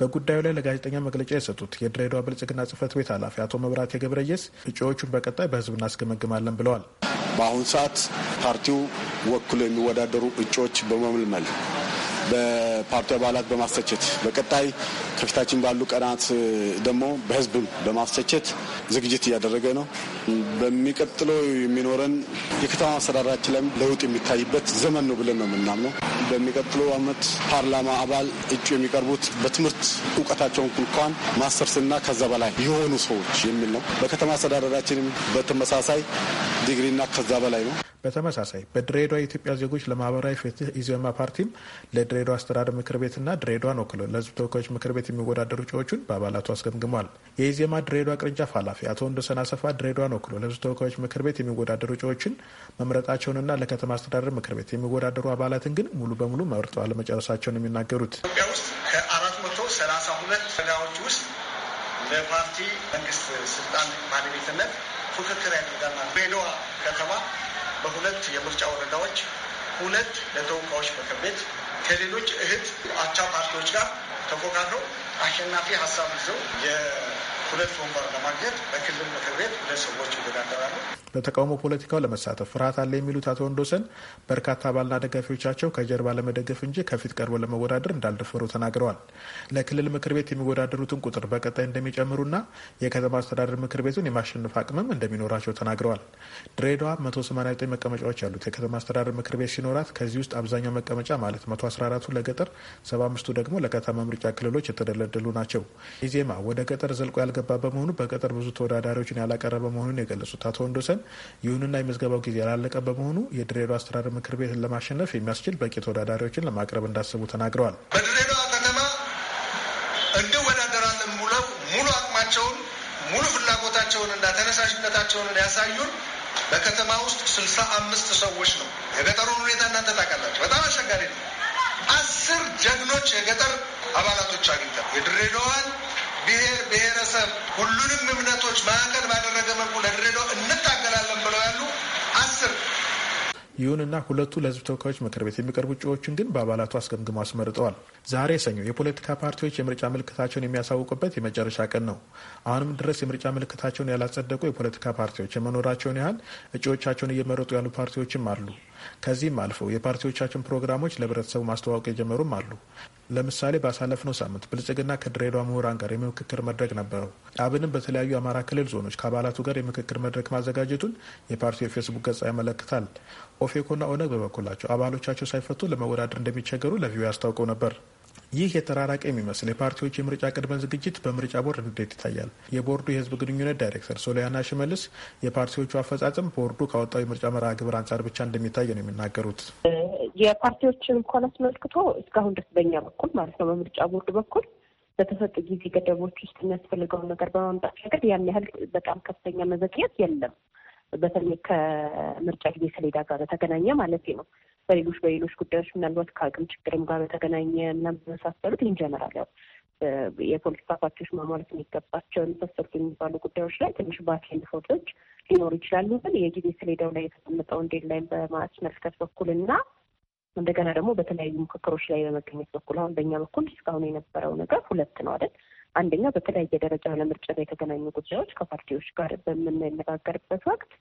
በጉዳዩ ላይ ለጋዜጠኛ መግለጫ የሰጡት የድሬዳዋ ብልጽግና ጽህፈት ቤት ኃላፊ አቶ መብራቴ ገብረየስ እጩዎቹን በቀጣይ በህዝብ እናስገመግማለን ብለዋል። በአሁኑ ሰዓት ፓርቲው ወክሎ የሚወዳደሩ እጩዎች በመመልመል በፓርቲ አባላት በማስተቸት በቀጣይ ከፊታችን ባሉ ቀናት ደግሞ በህዝብም በማስተቸት ዝግጅት እያደረገ ነው። በሚቀጥለው የሚኖረን የከተማ አሰራራችን ላይ ለውጥ የሚታይበት ዘመን ነው ብለን ነው የምናምነው። በሚቀጥለው አመት ፓርላማ አባል እጩ የሚቀርቡት በትምህርት እውቀታቸውን እንኳን ማስተርስና ከዛ በላይ የሆኑ ሰዎች የሚል ነው። በከተማ አስተዳደራችንም በተመሳሳይ ዲግሪና ከዛ በላይ ነው። በተመሳሳይ በድሬዳዋ የኢትዮጵያ ዜጎች ለማህበራዊ ፍትህ ኢዜማ ፓርቲም ለድሬዳዋ አስተዳደር ምክር ቤትና ድሬዳዋን ወክለው ለህዝብ ተወካዮች ምክር ቤት የሚወዳደሩ እጩዎቹን በአባላቱ አስገምግመዋል። የኢዜማ ድሬዳዋ ቅርንጫፍ ኃላፊ አቶ ወንዶሰን አሰፋ ድሬዳዋን ወክለው ለህዝብ ተወካዮች ምክር ቤት የሚወዳደሩ እጩዎችን መምረጣቸውንና ለከተማ አስተዳደር ምክር ቤት የሚወዳደሩ አባላትን ግን ሙሉ በሙሉ መርጠው አለመጨረሳቸውን የሚናገሩት ኢትዮጵያ ውስጥ ከአራት መቶ ሰላሳ ሁለት ወረዳዎች ውስጥ ለፓርቲ መንግስት ስልጣን ባለቤትነት ፉክክር ያደርጋል። ድሬዳዋ ከተማ በሁለት የምርጫ ወረዳዎች ሁለት ለተወካዮች ምክር ቤት ከሌሎች እህት አቻ ፓርቲዎች ጋር ተፎካክረው አሸናፊ ሀሳብ ይዘው ሁለት ወንበር ለማግኘት በክልል ምክር ቤት ሁለት ሰዎች ይወዳደራሉ። በተቃውሞ ፖለቲካው ለመሳተፍ ፍርሃት አለ የሚሉት አቶ ወንዶሰን በርካታ አባልና ደጋፊዎቻቸው ከጀርባ ለመደገፍ እንጂ ከፊት ቀርቦ ለመወዳደር እንዳልደፈሩ ተናግረዋል። ለክልል ምክር ቤት የሚወዳደሩትን ቁጥር በቀጣይ እንደሚጨምሩና የከተማ አስተዳደር ምክር ቤቱን የማሸነፍ አቅምም እንደሚኖራቸው ተናግረዋል። ድሬዳዋ 189 መቀመጫዎች ያሉት የከተማ አስተዳደር ምክር ቤት ሲኖራት ከዚህ ውስጥ አብዛኛው መቀመጫ ማለት 114ቱ ለገጠር፣ 75ቱ ደግሞ ለከተማ ምርጫ ክልሎች የተደለደሉ ናቸው። ኢዜማ ወደ ገጠር ዘልቆ ያልገ ያልገባ በመሆኑ በቅጥር ብዙ ተወዳዳሪዎችን ያላቀረበ መሆኑን የገለጹት አቶ ወንዶሰን ይሁንና የምዝገባው ጊዜ ያላለቀ በመሆኑ የድሬዳዋ አስተዳደር ምክር ቤትን ለማሸነፍ የሚያስችል በቂ ተወዳዳሪዎችን ለማቅረብ እንዳስቡ ተናግረዋል። በድሬዳዋ ከተማ እንደወዳደራለን ብለው ሙሉ አቅማቸውን ሙሉ ፍላጎታቸውንና ተነሳሽነታቸውን ያሳዩን በከተማ ውስጥ ስልሳ አምስት ሰዎች ነው። የገጠሩን ሁኔታ እናንተ ታውቃላችሁ። በጣም አስቸጋሪ ነው። አስር ጀግኖች የገጠር አባላቶች አግኝተን የድሬዳዋን ብሔር ብሔረሰብ ሁሉንም እምነቶች ማዕከል ባደረገ መልኩ ለድሬዳዋ እንታገላለን ብለው ያሉ አስር ይሁንና ሁለቱ ለህዝብ ተወካዮች ምክር ቤት የሚቀርቡ እጩዎችን ግን በአባላቱ አስገምግሞ አስመርጠዋል። ዛሬ ሰኞ የፖለቲካ ፓርቲዎች የምርጫ ምልክታቸውን የሚያሳውቁበት የመጨረሻ ቀን ነው። አሁንም ድረስ የምርጫ ምልክታቸውን ያላጸደቁ የፖለቲካ ፓርቲዎች የመኖራቸውን ያህል እጩዎቻቸውን እየመረጡ ያሉ ፓርቲዎችም አሉ። ከዚህም አልፈው የፓርቲዎቻችን ፕሮግራሞች ለህብረተሰቡ ማስተዋወቅ የጀመሩም አሉ። ለምሳሌ ባሳለፍነው ሳምንት ብልጽግና ከድሬዳዋ ምሁራን ጋር የምክክር መድረክ ነበረው። አብንም በተለያዩ የአማራ ክልል ዞኖች ከአባላቱ ጋር የምክክር መድረክ ማዘጋጀቱን የፓርቲው የፌስቡክ ገጻ ያመለክታል። ኦፌኮና ኦነግ በበኩላቸው አባሎቻቸው ሳይፈቱ ለመወዳደር እንደሚቸገሩ ለቪኦኤ አስታውቀው ነበር። ይህ የተራራቀ የሚመስል የፓርቲዎች የምርጫ ቅድመ ዝግጅት በምርጫ ቦርድ እንዴት ይታያል። የቦርዱ የህዝብ ግንኙነት ዳይሬክተር ሶሊያና ሽመልስ የፓርቲዎቹ አፈጻጸም ቦርዱ ካወጣው የምርጫ መርሃ ግብር አንጻር ብቻ እንደሚታይ ነው የሚናገሩት። የፓርቲዎችን እንኳን አስመልክቶ እስካሁን ደስ በኛ በኩል ማለት ነው በምርጫ ቦርድ በኩል በተሰጡ ጊዜ ገደቦች ውስጥ የሚያስፈልገውን ነገር በማምጣት ነገር ያን ያህል በጣም ከፍተኛ መዘግየት የለም። በተለይ ከምርጫ ጊዜ ሰሌዳ ጋር በተገናኘ ማለት ነው። በሌሎች በሌሎች ጉዳዮች ምናልባት ከአቅም ችግርም ጋር በተገናኘ ምናምን በመሳሰሉት ኢንጀነራል ያው የፖለቲካ ፓርቲዎች ማሟላት የሚገባቸው የመሳሰሉት የሚባሉ ጉዳዮች ላይ ትንሽ ባኬንድ ፎቶች ሊኖሩ ይችላሉ። ግን የጊዜ ሰሌዳው ላይ የተቀመጠውን ዴድላይን በማስመልከት በኩል እና እንደገና ደግሞ በተለያዩ ምክክሮች ላይ በመገኘት በኩል አሁን በእኛ በኩል እስካሁን የነበረው ነገር ሁለት ነው አይደል? አንደኛ በተለያየ ደረጃ ለምርጫ ላይ የተገናኙ ጉዳዮች ከፓርቲዎች ጋር በምንነጋገርበት ወቅት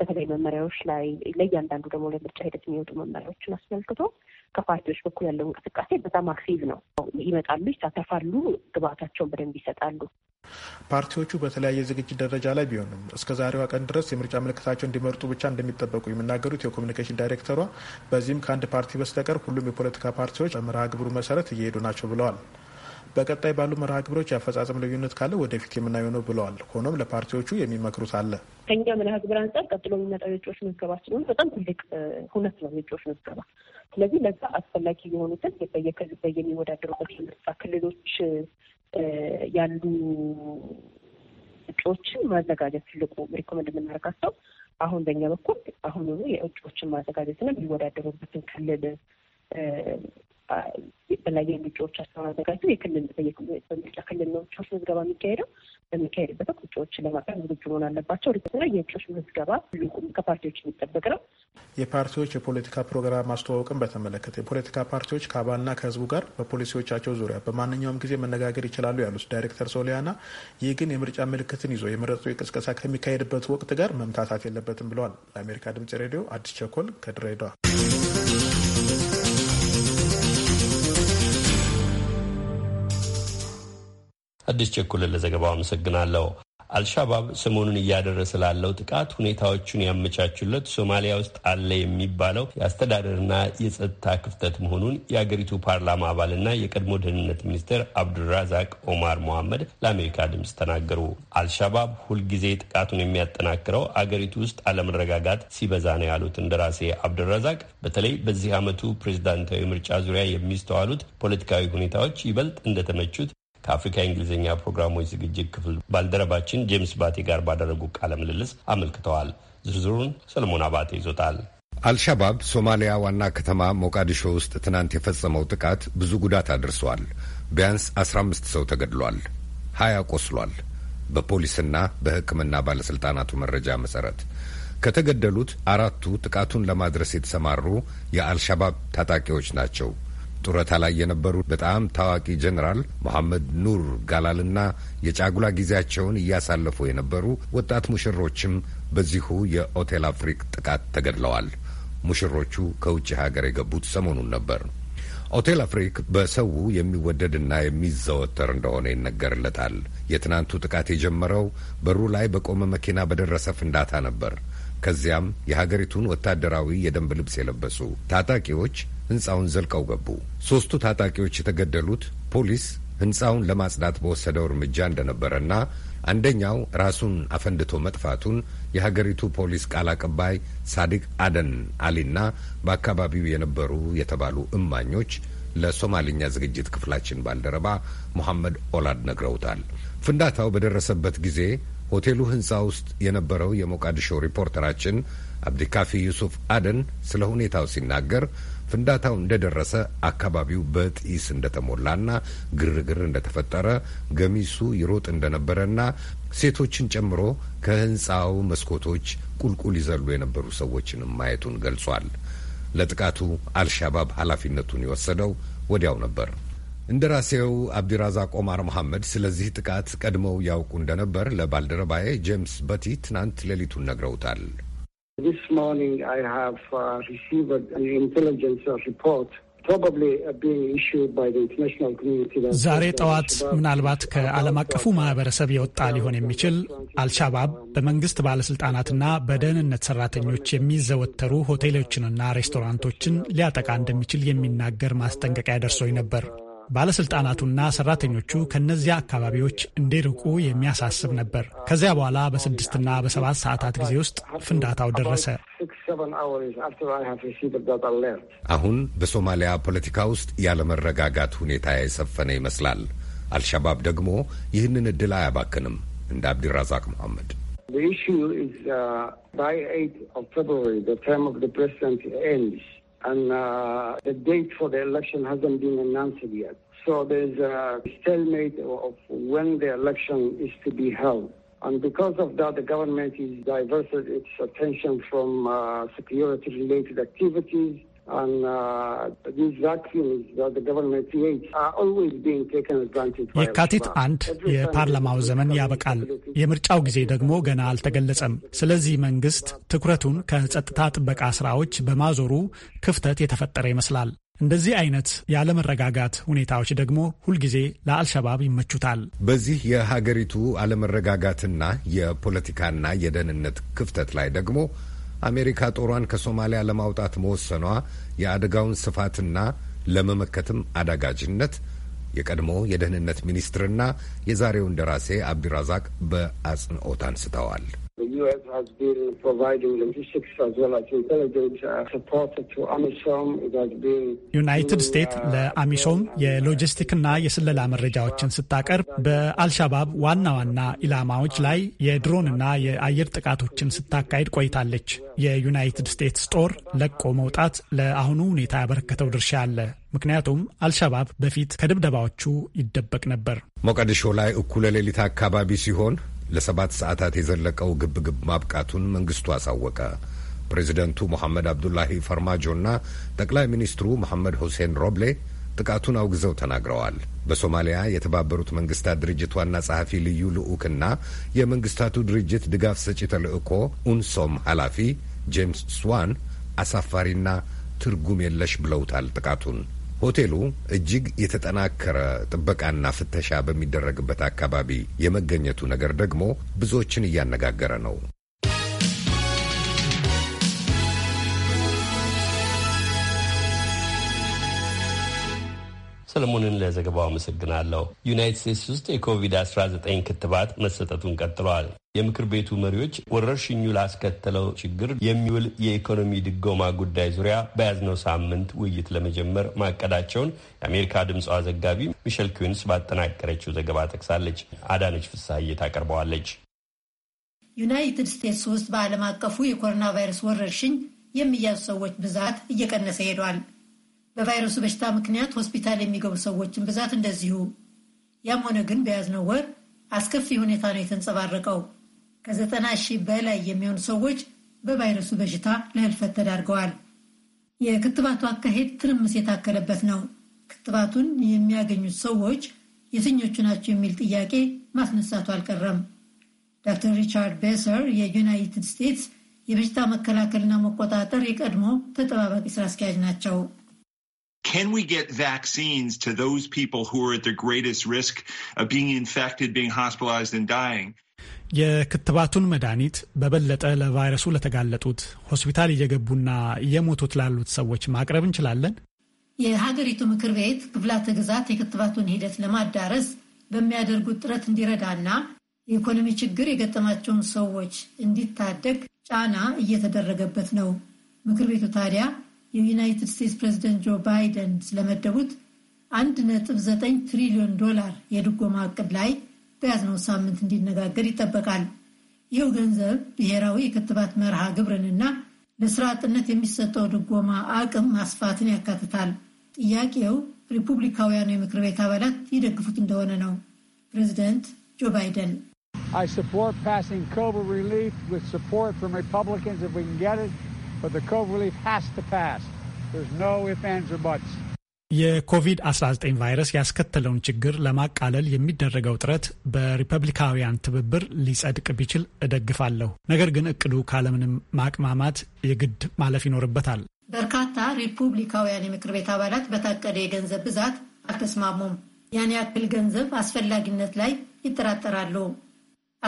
በተለይ መመሪያዎች ላይ ለእያንዳንዱ ደግሞ ለምርጫ ሂደት የሚወጡ መመሪያዎችን አስመልክቶ ከፓርቲዎች በኩል ያለው እንቅስቃሴ በጣም አክቲቭ ነው። ይመጣሉ፣ ይሳተፋሉ፣ ግብአታቸውን በደንብ ይሰጣሉ። ፓርቲዎቹ በተለያየ ዝግጅት ደረጃ ላይ ቢሆንም እስከ ዛሬዋ ቀን ድረስ የምርጫ ምልክታቸው እንዲመርጡ ብቻ እንደሚጠበቁ የሚናገሩት የኮሚኒኬሽን ዳይሬክተሯ፣ በዚህም ከአንድ ፓርቲ በስተቀር ሁሉም የፖለቲካ ፓርቲዎች በመርሃ ግብሩ መሰረት እየሄዱ ናቸው ብለዋል። በቀጣይ ባሉ መርሃ ግብሮች የአፈጻጸም ልዩነት ካለ ወደፊት የምናየው ነው ብለዋል። ሆኖም ለፓርቲዎቹ የሚመክሩት አለ። ከኛ መርሃ ግብር አንጻር ቀጥሎ የሚመጣው የእጩዎች ምዝገባ ስለሆነ በጣም ትልቅ ሁነት ነው የእጩዎች ምዝገባ። ስለዚህ ለዛ አስፈላጊ የሆኑትን በየሚወዳደሩበት የምርጫ ክልሎች ያሉ እጩዎችን ማዘጋጀት ትልቁ ሪኮመንድ የምናደርጋቸው አሁን በእኛ በኩል አሁን የእጩዎችን ማዘጋጀትና የሚወዳደሩበትን ክልል የተለያዩ ምንጮቻቸውን አዘጋጁ። የክልል በምርጫ ክልል ነው እጩዎች ምዝገባ የሚካሄደው። በሚካሄድበት ወቅት እጩዎችን ለማቅረብ ዝግጁ መሆን አለባቸው። ሪፖርትና የእጩዎች ምዝገባ ሁሉም ከፓርቲዎች የሚጠበቅ ነው። የፓርቲዎች የፖለቲካ ፕሮግራም ማስተዋወቅን በተመለከተ የፖለቲካ ፓርቲዎች ከአባልና ከህዝቡ ጋር በፖሊሲዎቻቸው ዙሪያ በማንኛውም ጊዜ መነጋገር ይችላሉ ያሉት ዳይሬክተር ሶሊያና፣ ይህ ግን የምርጫ ምልክትን ይዞ የምረጡ የቅስቀሳ ከሚካሄድበት ወቅት ጋር መምታታት የለበትም ብለዋል። ለአሜሪካ ድምጽ ሬዲዮ አዲስ ቸኮል ከድሬዳዋ አዲስ ቸኩል ለዘገባው አመሰግናለሁ። አልሻባብ ሰሞኑን እያደረሰ ላለው ጥቃት ሁኔታዎቹን ያመቻቹለት ሶማሊያ ውስጥ አለ የሚባለው የአስተዳደርና የጸጥታ ክፍተት መሆኑን የአገሪቱ ፓርላማ አባልና የቀድሞ ደህንነት ሚኒስትር አብዱራዛቅ ኦማር ሞሐመድ ለአሜሪካ ድምፅ ተናገሩ። አልሻባብ ሁልጊዜ ጥቃቱን የሚያጠናክረው አገሪቱ ውስጥ አለመረጋጋት ሲበዛ ነው ያሉት እንደራሴ አብዱራዛቅ በተለይ በዚህ ዓመቱ ፕሬዝዳንታዊ ምርጫ ዙሪያ የሚስተዋሉት ፖለቲካዊ ሁኔታዎች ይበልጥ እንደተመቹት ከአፍሪካ የእንግሊዝኛ ፕሮግራሞች ዝግጅት ክፍል ባልደረባችን ጄምስ ባቴ ጋር ባደረጉ ቃለ ምልልስ አመልክተዋል። ዝርዝሩን ሰለሞን አባቴ ይዞታል። አልሻባብ ሶማሊያ ዋና ከተማ ሞቃዲሾ ውስጥ ትናንት የፈጸመው ጥቃት ብዙ ጉዳት አድርሷል። ቢያንስ 15 ሰው ተገድሏል፣ ሀያ ቆስሏል። በፖሊስና በሕክምና ባለሥልጣናቱ መረጃ መሠረት ከተገደሉት አራቱ ጥቃቱን ለማድረስ የተሰማሩ የአልሻባብ ታጣቂዎች ናቸው። ጡረታ ላይ የነበሩ በጣም ታዋቂ ጀኔራል መሐመድ ኑር ጋላልና የጫጉላ ጊዜያቸውን እያሳለፉ የነበሩ ወጣት ሙሽሮችም በዚሁ የኦቴል አፍሪክ ጥቃት ተገድለዋል። ሙሽሮቹ ከውጭ ሀገር የገቡት ሰሞኑን ነበር። ኦቴል አፍሪክ በሰው የሚወደድና የሚዘወተር እንደሆነ ይነገርለታል። የትናንቱ ጥቃት የጀመረው በሩ ላይ በቆመ መኪና በደረሰ ፍንዳታ ነበር። ከዚያም የሀገሪቱን ወታደራዊ የደንብ ልብስ የለበሱ ታጣቂዎች ሕንፃውን ዘልቀው ገቡ። ሦስቱ ታጣቂዎች የተገደሉት ፖሊስ ሕንፃውን ለማጽዳት በወሰደው እርምጃ እንደነበረና አንደኛው ራሱን አፈንድቶ መጥፋቱን የሀገሪቱ ፖሊስ ቃል አቀባይ ሳዲቅ አደን አሊና በአካባቢው የነበሩ የተባሉ እማኞች ለሶማሊኛ ዝግጅት ክፍላችን ባልደረባ ሞሐመድ ኦላድ ነግረውታል። ፍንዳታው በደረሰበት ጊዜ ሆቴሉ ህንፃ ውስጥ የነበረው የሞቃዲሾ ሪፖርተራችን አብዲካፊ ዩሱፍ አደን ስለ ሁኔታው ሲናገር ፍንዳታው እንደደረሰ አካባቢው በጢስ እንደተሞላና ግርግር እንደተፈጠረ ገሚሱ ይሮጥ እንደነበረና ሴቶችን ጨምሮ ከህንፃው መስኮቶች ቁልቁል ይዘሉ የነበሩ ሰዎችንም ማየቱን ገልጿል። ለጥቃቱ አልሻባብ ኃላፊነቱን የወሰደው ወዲያው ነበር። እንደራሴው አብዲራዛቅ ኦማር መሐመድ ስለዚህ ጥቃት ቀድመው ያውቁ እንደነበር ለባልደረባዬ ጄምስ በቲ ትናንት ሌሊቱን ነግረውታል። This morning I have uh, received an intelligence report uh, ዛሬ uh, ጠዋት ምናልባት ከዓለም አቀፉ ማህበረሰብ የወጣ ሊሆን የሚችል አልሻባብ um, በመንግስት ባለስልጣናትና በደህንነት ሰራተኞች የሚዘወተሩ ሆቴሎችንና ሬስቶራንቶችን ሊያጠቃ እንደሚችል የሚናገር ማስጠንቀቂያ ደርሶኝ ነበር። ባለስልጣናቱና ሰራተኞቹ ከነዚያ አካባቢዎች እንዲርቁ የሚያሳስብ ነበር። ከዚያ በኋላ በስድስትና በሰባት ሰዓታት ጊዜ ውስጥ ፍንዳታው ደረሰ። አሁን በሶማሊያ ፖለቲካ ውስጥ ያለመረጋጋት ሁኔታ የሰፈነ ይመስላል። አልሻባብ ደግሞ ይህንን እድል አያባክንም። እንደ አብዲራዛቅ መሐመድ The issue is uh, by 8th of February, the term of the president ends. and uh, the date for the election hasn't been announced yet. So there's a stalemate of when the election is to be held. And because of that, the government is diverted its attention from uh, security related activities Uh, uh, የካቲት አንድ የፓርላማው ዘመን ያበቃል። የምርጫው ጊዜ ደግሞ ገና አልተገለጸም። ስለዚህ መንግስት ትኩረቱን ከጸጥታ ጥበቃ ስራዎች በማዞሩ ክፍተት የተፈጠረ ይመስላል። እንደዚህ አይነት የአለመረጋጋት ሁኔታዎች ደግሞ ሁልጊዜ ለአልሸባብ ይመቹታል። በዚህ የሀገሪቱ አለመረጋጋትና የፖለቲካና የደህንነት ክፍተት ላይ ደግሞ አሜሪካ ጦሯን ከሶማሊያ ለማውጣት መወሰኗ የአደጋውን ስፋትና ለመመከትም አዳጋጅነት የቀድሞ የደህንነት ሚኒስትርና የዛሬው ደራሴ አብዲራዛቅ በአጽንኦት አንስተዋል። The U.S. has been providing logistics as well as intelligence uh, support to ዩናይትድ ስቴትስ uh, ለአሚሶም uh, የሎጂስቲክና የስለላ መረጃዎችን ስታቀርብ በአልሻባብ ዋና ዋና ኢላማዎች ላይ የድሮንና የአየር ጥቃቶችን ስታካሄድ ቆይታለች። የዩናይትድ ስቴትስ ጦር ለቆ መውጣት ለአሁኑ ሁኔታ ያበረከተው ድርሻ አለ። ምክንያቱም አልሻባብ በፊት ከድብደባዎቹ ይደበቅ ነበር። ሞቃዲሾ ላይ እኩለ ሌሊት አካባቢ ሲሆን ለሰባት ሰዓታት የዘለቀው ግብግብ ማብቃቱን መንግስቱ አሳወቀ። ፕሬዚደንቱ ሙሐመድ አብዱላሂ ፈርማጆና ጠቅላይ ሚኒስትሩ መሐመድ ሁሴን ሮብሌ ጥቃቱን አውግዘው ተናግረዋል። በሶማሊያ የተባበሩት መንግስታት ድርጅት ዋና ጸሐፊ ልዩ ልዑክና የመንግስታቱ ድርጅት ድጋፍ ሰጪ ተልእኮ ኡንሶም ኃላፊ ጄምስ ስዋን አሳፋሪና ትርጉም የለሽ ብለውታል ጥቃቱን። ሆቴሉ እጅግ የተጠናከረ ጥበቃና ፍተሻ በሚደረግበት አካባቢ የመገኘቱ ነገር ደግሞ ብዙዎችን እያነጋገረ ነው። ሰለሞንን ለዘገባው አመሰግናለሁ። ዩናይት ስቴትስ ውስጥ የኮቪድ-19 ክትባት መሰጠቱን ቀጥሏል። የምክር ቤቱ መሪዎች ወረርሽኙ ላስከተለው ችግር የሚውል የኢኮኖሚ ድጎማ ጉዳይ ዙሪያ በያዝነው ሳምንት ውይይት ለመጀመር ማቀዳቸውን የአሜሪካ ድምፅዋ ዘጋቢ ሚሸል ኩንስ ባጠናቀረችው ዘገባ ጠቅሳለች። አዳነች ፍስሐዬ ታቀርበዋለች። ዩናይትድ ስቴትስ ውስጥ በዓለም አቀፉ የኮሮና ቫይረስ ወረርሽኝ የሚያዙ ሰዎች ብዛት እየቀነሰ ሄዷል። በቫይረሱ በሽታ ምክንያት ሆስፒታል የሚገቡ ሰዎችን ብዛት እንደዚሁ። ያም ሆነ ግን በያዝነው ወር አስከፊ ሁኔታ ነው የተንጸባረቀው። ከዘጠና ሺህ በላይ የሚሆኑ ሰዎች በቫይረሱ በሽታ ለህልፈት ተዳርገዋል። የክትባቱ አካሄድ ትርምስ የታከለበት ነው። ክትባቱን የሚያገኙት ሰዎች የትኞቹ ናቸው የሚል ጥያቄ ማስነሳቱ አልቀረም። ዶክተር ሪቻርድ ቤሰር የዩናይትድ ስቴትስ የበሽታ መከላከልና መቆጣጠር የቀድሞ ተጠባባቂ ስራ አስኪያጅ ናቸው። can we get vaccines to those people who are at the greatest risk of being infected, being hospitalized and dying? የክትባቱን መድኃኒት በበለጠ ለቫይረሱ ለተጋለጡት ሆስፒታል እየገቡና እየሞቱት ላሉት ሰዎች ማቅረብ እንችላለን። የሀገሪቱ ምክር ቤት ክፍላተ ግዛት የክትባቱን ሂደት ለማዳረስ በሚያደርጉት ጥረት እንዲረዳና የኢኮኖሚ ችግር የገጠማቸውን ሰዎች እንዲታደግ ጫና እየተደረገበት ነው። ምክር ቤቱ ታዲያ የዩናይትድ ስቴትስ ፕሬዚደንት ጆ ባይደን ስለመደቡት 1.9 ትሪሊዮን ዶላር የድጎማ እቅድ ላይ በያዝነው ሳምንት እንዲነጋገር ይጠበቃል። ይህው ገንዘብ ብሔራዊ የክትባት መርሃ ግብርንና ለስራ አጥነት የሚሰጠው ድጎማ አቅም ማስፋትን ያካትታል። ጥያቄው ሪፑብሊካውያኑ የምክር ቤት አባላት ይደግፉት እንደሆነ ነው። ፕሬዚደንት ጆ ባይደን I support passing COVID relief with support from Republicans if we can get it. የኮቪድ-19 ቫይረስ ያስከተለውን ችግር ለማቃለል የሚደረገው ጥረት በሪፐብሊካውያን ትብብር ሊጸድቅ ቢችል እደግፋለሁ። ነገር ግን እቅዱ ካለምንም ማቅማማት የግድ ማለፍ ይኖርበታል። በርካታ ሪፑብሊካውያን የምክር ቤት አባላት በታቀደ የገንዘብ ብዛት አልተስማሙም። ያን ያክል ገንዘብ አስፈላጊነት ላይ ይጠራጠራሉ።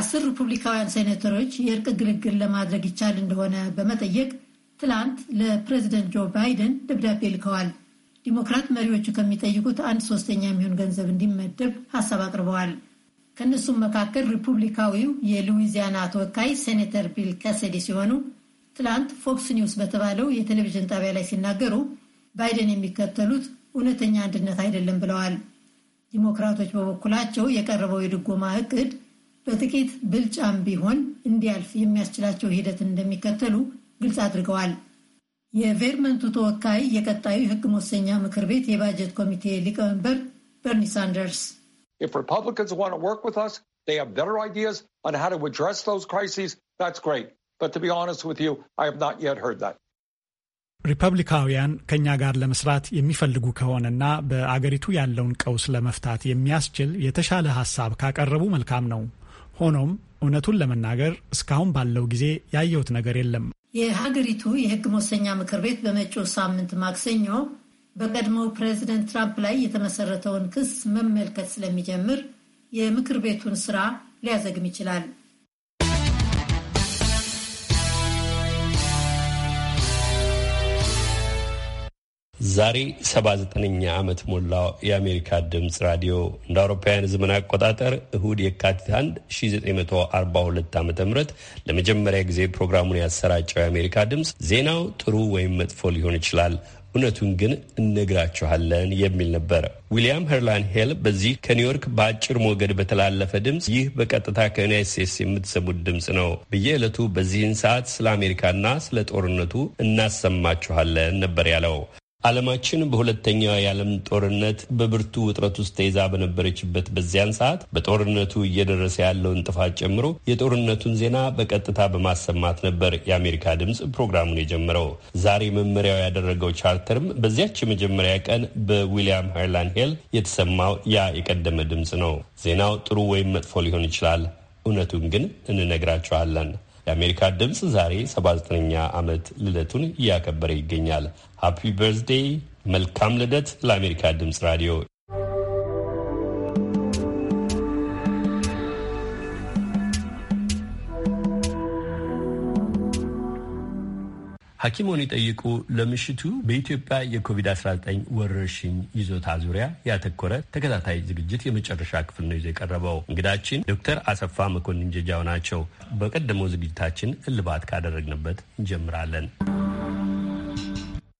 አስር ሪፑብሊካውያን ሴኔተሮች የእርቅ ግልግል ለማድረግ ይቻል እንደሆነ በመጠየቅ ትላንት ለፕሬዚደንት ጆ ባይደን ደብዳቤ ልከዋል። ዲሞክራት መሪዎቹ ከሚጠይቁት አንድ ሶስተኛ የሚሆን ገንዘብ እንዲመደብ ሀሳብ አቅርበዋል። ከእነሱም መካከል ሪፑብሊካዊው የሉዊዚያና ተወካይ ሴኔተር ቢል ከሰዲ ሲሆኑ ትላንት ፎክስ ኒውስ በተባለው የቴሌቪዥን ጣቢያ ላይ ሲናገሩ ባይደን የሚከተሉት እውነተኛ አንድነት አይደለም ብለዋል። ዲሞክራቶች በበኩላቸው የቀረበው የድጎማ እቅድ በጥቂት ብልጫም ቢሆን እንዲያልፍ የሚያስችላቸው ሂደትን እንደሚከተሉ ግልጽ አድርገዋል። የቬርመንቱ ተወካይ የቀጣዩ ህግ መወሰኛ ምክር ቤት የባጀት ኮሚቴ ሊቀመንበር በርኒ ሳንደርስ ሪፐብሊካውያን ከእኛ ጋር ለመስራት የሚፈልጉ ከሆነና በአገሪቱ ያለውን ቀውስ ለመፍታት የሚያስችል የተሻለ ሀሳብ ካቀረቡ መልካም ነው። ሆኖም እውነቱን ለመናገር እስካሁን ባለው ጊዜ ያየሁት ነገር የለም። የሀገሪቱ የህግ መወሰኛ ምክር ቤት በመጪው ሳምንት ማክሰኞ በቀድሞው ፕሬዚደንት ትራምፕ ላይ የተመሰረተውን ክስ መመልከት ስለሚጀምር የምክር ቤቱን ስራ ሊያዘግም ይችላል። ዛሬ 79ኛ ዓመት ሞላው። የአሜሪካ ድምፅ ራዲዮ እንደ አውሮፓውያን ዘመን አቆጣጠር እሁድ የካቲት 1 1942 ዓ ም ለመጀመሪያ ጊዜ ፕሮግራሙን ያሰራጨው የአሜሪካ ድምፅ ዜናው ጥሩ ወይም መጥፎ ሊሆን ይችላል፣ እውነቱን ግን እነግራችኋለን የሚል ነበር። ዊልያም ሄርላን ሄል በዚህ ከኒውዮርክ በአጭር ሞገድ በተላለፈ ድምፅ ይህ በቀጥታ ከዩናይት ስቴትስ የምትሰሙት ድምፅ ነው። በየዕለቱ በዚህን ሰዓት ስለ አሜሪካና ስለ ጦርነቱ እናሰማችኋለን ነበር ያለው። ዓለማችን በሁለተኛው የዓለም ጦርነት በብርቱ ውጥረት ውስጥ ተይዛ በነበረችበት በዚያን ሰዓት በጦርነቱ እየደረሰ ያለውን ጥፋት ጨምሮ የጦርነቱን ዜና በቀጥታ በማሰማት ነበር የአሜሪካ ድምፅ ፕሮግራሙን የጀመረው። ዛሬ መመሪያው ያደረገው ቻርተርም በዚያች የመጀመሪያ ቀን በዊሊያም ሃርላን ሄል የተሰማው ያ የቀደመ ድምፅ ነው። ዜናው ጥሩ ወይም መጥፎ ሊሆን ይችላል። እውነቱን ግን እንነግራችኋለን። የአሜሪካ ድምፅ ዛሬ 79ኛ ዓመት ልደቱን እያከበረ ይገኛል። ሃፒ በርዝዴይ መልካም ልደት ለአሜሪካ ድምፅ ራዲዮ። ሐኪሞን ይጠይቁ ለምሽቱ በኢትዮጵያ የኮቪድ-19 ወረርሽኝ ይዞታ ዙሪያ ያተኮረ ተከታታይ ዝግጅት የመጨረሻ ክፍል ነው ይዞ የቀረበው። እንግዳችን ዶክተር አሰፋ መኮንን ጀጃው ናቸው። በቀደመው ዝግጅታችን እልባት ካደረግንበት እንጀምራለን።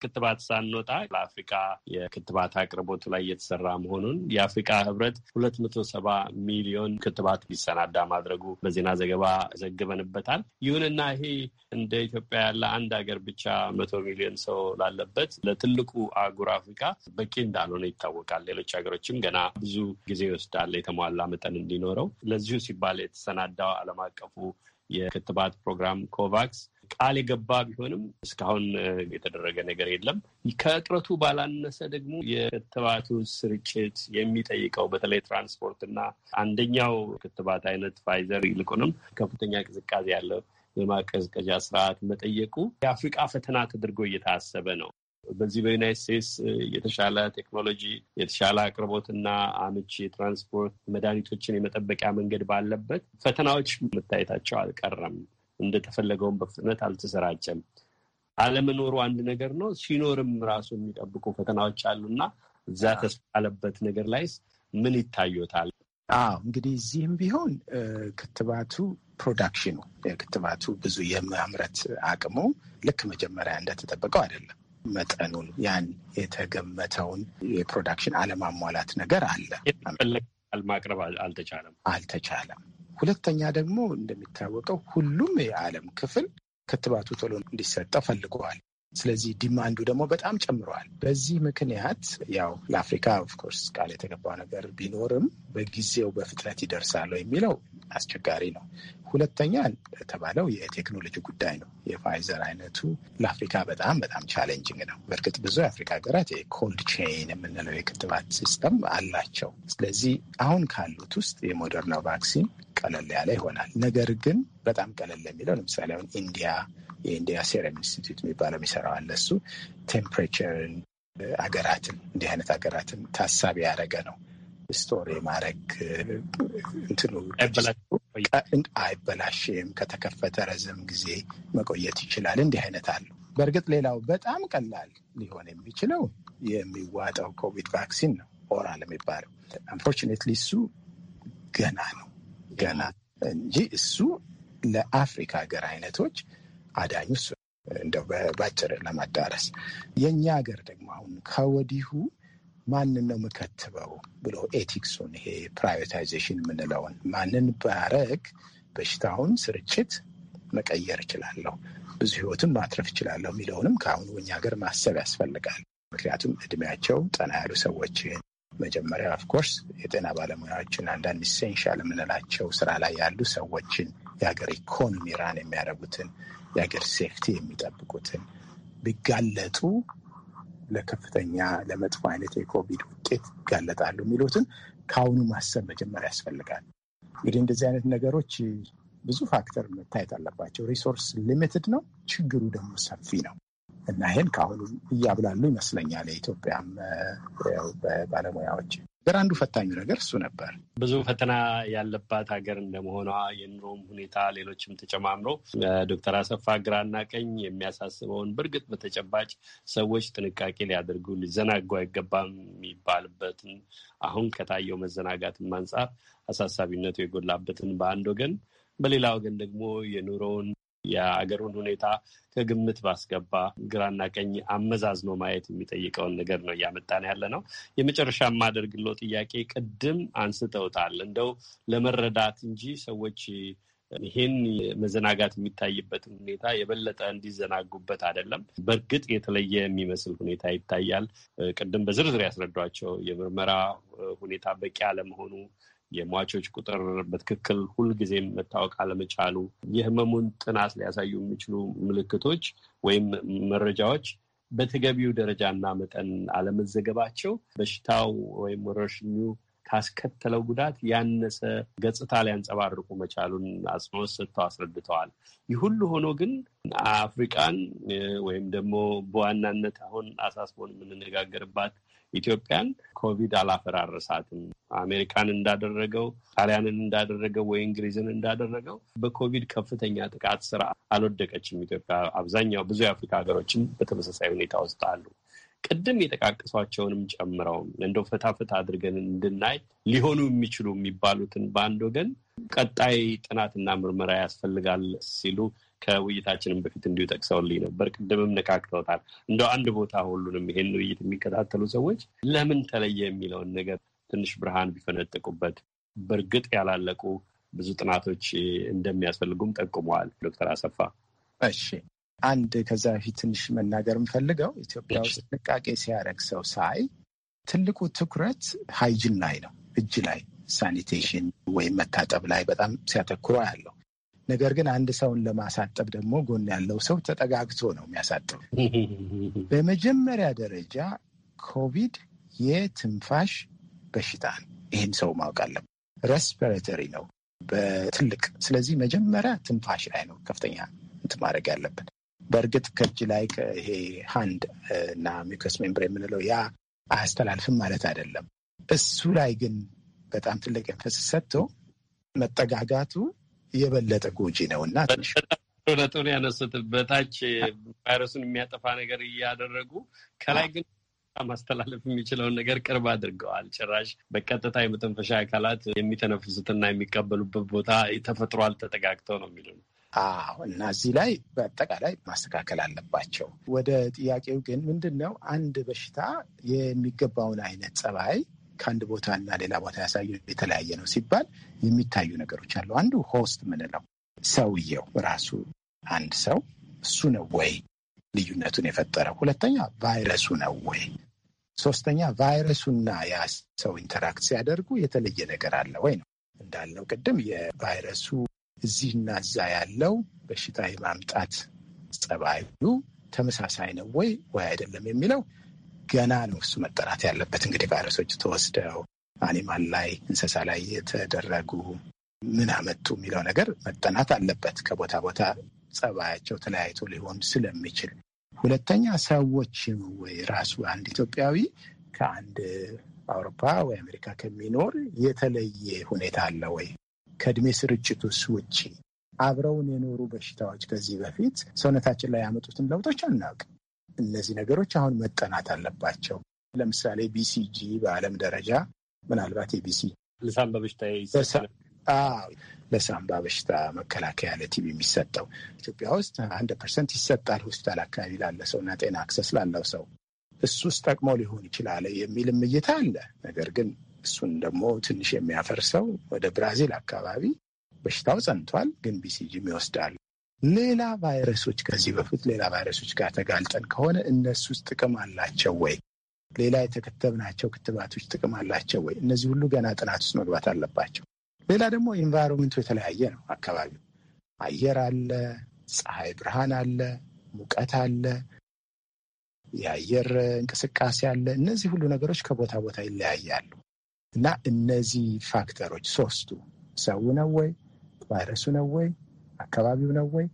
ክትባት ሳንወጣ ለአፍሪካ የክትባት አቅርቦቱ ላይ እየተሰራ መሆኑን የአፍሪካ ህብረት ሁለት መቶ ሰባ ሚሊዮን ክትባት ሊሰናዳ ማድረጉ በዜና ዘገባ ዘግበንበታል። ይሁንና ይሄ እንደ ኢትዮጵያ ያለ አንድ ሀገር ብቻ መቶ ሚሊዮን ሰው ላለበት ለትልቁ አህጉር አፍሪካ በቂ እንዳልሆነ ይታወቃል። ሌሎች ሀገሮችም ገና ብዙ ጊዜ ይወስዳል የተሟላ መጠን እንዲኖረው። ለዚሁ ሲባል የተሰናዳው ዓለም አቀፉ የክትባት ፕሮግራም ኮቫክስ ቃል የገባ ቢሆንም እስካሁን የተደረገ ነገር የለም። ከእጥረቱ ባላነሰ ደግሞ የክትባቱ ስርጭት የሚጠይቀው በተለይ ትራንስፖርትና አንደኛው ክትባት አይነት ፋይዘር ይልቁንም ከፍተኛ ቅዝቃዜ ያለው የማቀዝቀዣ ስርዓት መጠየቁ የአፍሪቃ ፈተና ተደርጎ እየታሰበ ነው። በዚህ በዩናይት ስቴትስ የተሻለ ቴክኖሎጂ የተሻለ አቅርቦትና አመቺ የትራንስፖርት መድኃኒቶችን የመጠበቂያ መንገድ ባለበት ፈተናዎች መታየታቸው አልቀረም። እንደተፈለገውን በፍጥነት አልተሰራጨም። አለመኖሩ አንድ ነገር ነው። ሲኖርም ራሱ የሚጠብቁ ፈተናዎች አሉና እዛ ተስፋለበት ነገር ላይስ ምን ይታዩታል? አዎ እንግዲህ እዚህም ቢሆን ክትባቱ ፕሮዳክሽኑ የክትባቱ ብዙ የማምረት አቅሙ ልክ መጀመሪያ እንደተጠበቀው አይደለም። መጠኑን ያን የተገመተውን የፕሮዳክሽን አለማሟላት ነገር አለ። ማቅረብ አልተቻለም አልተቻለም። ሁለተኛ ደግሞ እንደሚታወቀው ሁሉም የዓለም ክፍል ክትባቱ ቶሎ እንዲሰጠ ፈልገዋል። ስለዚህ ዲማንዱ ደግሞ በጣም ጨምረዋል። በዚህ ምክንያት ያው ለአፍሪካ ኦፍኮርስ ቃል የተገባው ነገር ቢኖርም በጊዜው በፍጥነት ይደርሳል የሚለው አስቸጋሪ ነው። ሁለተኛ የተባለው የቴክኖሎጂ ጉዳይ ነው። የፋይዘር አይነቱ ለአፍሪካ በጣም በጣም ቻሌንጂንግ ነው። በእርግጥ ብዙ የአፍሪካ ሀገራት የኮልድ ቼይን የምንለው የክትባት ሲስተም አላቸው። ስለዚህ አሁን ካሉት ውስጥ የሞደርና ቫክሲን ቀለል ያለ ይሆናል። ነገር ግን በጣም ቀለል የሚለው ለምሳሌ አሁን ኢንዲያ የኢንዲያ ሴረም ኢንስቲትዩት የሚባለው የሚሰራው አለ። እሱ ቴምፕሬቸርን አገራትን እንዲህ አይነት አገራትን ታሳቢ ያደረገ ነው። ስቶሪ ማድረግ እንትኑ አይበላሽም፣ ከተከፈተ ረዘም ጊዜ መቆየት ይችላል። እንዲህ አይነት አሉ። በእርግጥ ሌላው በጣም ቀላል ሊሆን የሚችለው የሚዋጠው ኮቪድ ቫክሲን ነው፣ ኦራል የሚባለው አንፎርቹኔትሊ እሱ ገና ነው ገና እንጂ እሱ ለአፍሪካ ሀገር አይነቶች አዳኝ እሱ እንደው ባጭር ለማዳረስ የእኛ ሀገር ደግሞ አሁን ከወዲሁ ማንን ነው የምከትበው ብሎ ኤቲክሱን ይሄ ፕራይቬታይዜሽን የምንለውን ማንን ባረግ በሽታውን ስርጭት መቀየር እችላለሁ፣ ብዙ ህይወትን ማትረፍ እችላለሁ የሚለውንም ከአሁኑ እኛ ሀገር ማሰብ ያስፈልጋል። ምክንያቱም እድሜያቸው ጠና ያሉ ሰዎችን መጀመሪያ ኦፍኮርስ የጤና ባለሙያዎችን አንዳንድ ኢሴንሻል የምንላቸው ስራ ላይ ያሉ ሰዎችን የሀገር ኢኮኖሚ ራን የሚያደርጉትን የሀገር ሴፍቲ የሚጠብቁትን ቢጋለጡ ለከፍተኛ ለመጥፎ አይነት የኮቪድ ውጤት ይጋለጣሉ የሚሉትን ከአሁኑ ማሰብ መጀመር ያስፈልጋል። እንግዲህ እንደዚህ አይነት ነገሮች ብዙ ፋክተር መታየት አለባቸው። ሪሶርስ ሊሚትድ ነው፣ ችግሩ ደግሞ ሰፊ ነው እና ይህን ከአሁኑ እያብላሉ ይመስለኛል የኢትዮጵያም ባለሙያዎች ነገር አንዱ ፈታኙ ነገር እሱ ነበር። ብዙ ፈተና ያለባት ሀገር እንደመሆኗ የኑሮም ሁኔታ ሌሎችም ተጨማምሮ ዶክተር አሰፋ ግራና ቀኝ የሚያሳስበውን በእርግጥ በተጨባጭ ሰዎች ጥንቃቄ ሊያደርጉ ሊዘናጉ አይገባም የሚባልበትን አሁን ከታየው መዘናጋትም አንጻር አሳሳቢነቱ የጎላበትን በአንድ ወገን፣ በሌላ ወገን ደግሞ የኑሮውን የአገሩን ሁኔታ ከግምት ባስገባ ግራና ቀኝ አመዛዝኖ ማየት የሚጠይቀውን ነገር ነው እያመጣን ያለ ነው። የመጨረሻ የማደርግለው ጥያቄ ቅድም አንስተውታል፣ እንደው ለመረዳት እንጂ ሰዎች ይህን መዘናጋት የሚታይበትን ሁኔታ የበለጠ እንዲዘናጉበት አይደለም። በእርግጥ የተለየ የሚመስል ሁኔታ ይታያል። ቅድም በዝርዝር ያስረዷቸው የምርመራ ሁኔታ በቂ አለመሆኑ የሟቾች ቁጥር በትክክል ሁልጊዜም መታወቅ አለመቻሉ፣ የህመሙን ጥናት ሊያሳዩ የሚችሉ ምልክቶች ወይም መረጃዎች በተገቢው ደረጃና መጠን አለመዘገባቸው በሽታው ወይም ወረርሽኙ ካስከተለው ጉዳት ያነሰ ገጽታ ሊያንጸባርቁ መቻሉን አጽንኦት ሰጥተው አስረድተዋል። ይህ ሁሉ ሆኖ ግን አፍሪቃን ወይም ደግሞ በዋናነት አሁን አሳስቦን የምንነጋገርባት ኢትዮጵያን ኮቪድ አላፈራረሳትም። አሜሪካን እንዳደረገው፣ ጣሊያንን እንዳደረገው ወይ እንግሊዝን እንዳደረገው በኮቪድ ከፍተኛ ጥቃት ስራ አልወደቀችም ኢትዮጵያ። አብዛኛው ብዙ የአፍሪካ ሀገሮችም በተመሳሳይ ሁኔታ ውስጥ አሉ። ቅድም የጠቃቀሷቸውንም ጨምረው እንደው ፈታ አድርገን እንድናይ ሊሆኑ የሚችሉ የሚባሉትን በአንድ ወገን ቀጣይ ጥናትና ምርመራ ያስፈልጋል ሲሉ ከውይይታችንም በፊት እንዲሁ ጠቅሰውልኝ ነበር። ቅድምም ነካክተውታል። እንደ አንድ ቦታ ሁሉንም ይሄን ውይይት የሚከታተሉ ሰዎች ለምን ተለየ የሚለውን ነገር ትንሽ ብርሃን ቢፈነጥቁበት። በእርግጥ ያላለቁ ብዙ ጥናቶች እንደሚያስፈልጉም ጠቁመዋል ዶክተር አሰፋ። እሺ አንድ ከዛ በፊት ትንሽ መናገር የምፈልገው ኢትዮጵያ ውስጥ ጥንቃቄ ሲያደርግ ሰው ሳይ ትልቁ ትኩረት ሃይጅን ላይ ነው፣ እጅ ላይ ሳኒቴሽን ወይም መታጠብ ላይ በጣም ሲያተኩሮ ያለው ነገር ግን አንድ ሰውን ለማሳጠብ ደግሞ ጎን ያለው ሰው ተጠጋግቶ ነው የሚያሳጥብ። *laughs* በመጀመሪያ ደረጃ ኮቪድ የትንፋሽ በሽታ ነው። ይህን ሰው ማወቅ አለብን። ሬስፒሬተሪ ነው በትልቅ ስለዚህ መጀመሪያ ትንፋሽ ላይ ነው ከፍተኛ እንትን ማድረግ ያለብን። በእርግጥ ከእጅ ላይ ይሄ ሃንድ እና ሚውከስ ሜምብር የምንለው ያ አያስተላልፍም ማለት አይደለም። እሱ ላይ ግን በጣም ትልቅ ኤንፈሲስ ሰጥቶ መጠጋጋቱ የበለጠ ጎጂ ነው እና ነጥብ ያነሱት በታች ቫይረሱን የሚያጠፋ ነገር እያደረጉ ከላይ ግን ማስተላለፍ የሚችለውን ነገር ቅርብ አድርገዋል። ጭራሽ በቀጥታ የመተንፈሻ አካላት የሚተነፍሱትና የሚቀበሉበት ቦታ ተፈጥሯል። ተጠጋግተው ነው የሚሉ ነው። አዎ እና እዚህ ላይ በአጠቃላይ ማስተካከል አለባቸው። ወደ ጥያቄው ግን ምንድን ነው አንድ በሽታ የሚገባውን አይነት ጸባይ ከአንድ ቦታ እና ሌላ ቦታ ያሳየ የተለያየ ነው ሲባል የሚታዩ ነገሮች አሉ። አንዱ ሆስት ምንለው ሰውየው ራሱ አንድ ሰው እሱ ነው ወይ ልዩነቱን የፈጠረው? ሁለተኛ ቫይረሱ ነው ወይ? ሶስተኛ ቫይረሱና ያ ሰው ኢንተራክት ሲያደርጉ የተለየ ነገር አለ ወይ ነው እንዳልነው ቅድም የቫይረሱ እዚህና እዛ ያለው በሽታ የማምጣት ጸባዩ ተመሳሳይ ነው ወይ ወይ አይደለም የሚለው ገና ነው። እሱ መጠራት ያለበት እንግዲህ ቫይረሶች ተወስደው አኒማል ላይ እንስሳ ላይ የተደረጉ ምን አመጡ የሚለው ነገር መጠናት አለበት። ከቦታ ቦታ ጸባያቸው ተለያይቶ ሊሆን ስለሚችል፣ ሁለተኛ ሰዎች ወይ ራሱ አንድ ኢትዮጵያዊ ከአንድ አውሮፓ ወይ አሜሪካ ከሚኖር የተለየ ሁኔታ አለ ወይ ከእድሜ ስርጭቱስ ውጪ አብረውን የኖሩ በሽታዎች ከዚህ በፊት ሰውነታችን ላይ ያመጡትን ለውጦች አናውቅ እነዚህ ነገሮች አሁን መጠናት አለባቸው። ለምሳሌ ቢሲጂ በዓለም ደረጃ ምናልባት የቢሲ ለሳምባ በሽታ ለሳምባ በሽታ መከላከያ ለቲቢ የሚሰጠው ኢትዮጵያ ውስጥ አንድ ፐርሰንት ይሰጣል ሆስፒታል አካባቢ ላለ ሰው እና ጤና አክሰስ ላለው ሰው እሱ ውስጥ ጠቅሞ ሊሆን ይችላል የሚልም እይታ አለ። ነገር ግን እሱን ደግሞ ትንሽ የሚያፈርሰው ወደ ብራዚል አካባቢ በሽታው ጸንቷል፣ ግን ቢሲጂም ይወስዳሉ። ሌላ ቫይረሶች ከዚህ በፊት ሌላ ቫይረሶች ጋር ተጋልጠን ከሆነ እነሱ ውስጥ ጥቅም አላቸው ወይ? ሌላ የተከተብናቸው ክትባቶች ጥቅም አላቸው ወይ? እነዚህ ሁሉ ገና ጥናት ውስጥ መግባት አለባቸው። ሌላ ደግሞ ኢንቫይሮንመንቱ የተለያየ ነው። አካባቢው አየር አለ፣ ፀሐይ ብርሃን አለ፣ ሙቀት አለ፣ የአየር እንቅስቃሴ አለ። እነዚህ ሁሉ ነገሮች ከቦታ ቦታ ይለያያሉ። እና እነዚህ ፋክተሮች ሶስቱ ሰው ነው ወይ ቫይረሱ ነው ወይ አካባቢው ነው ወይ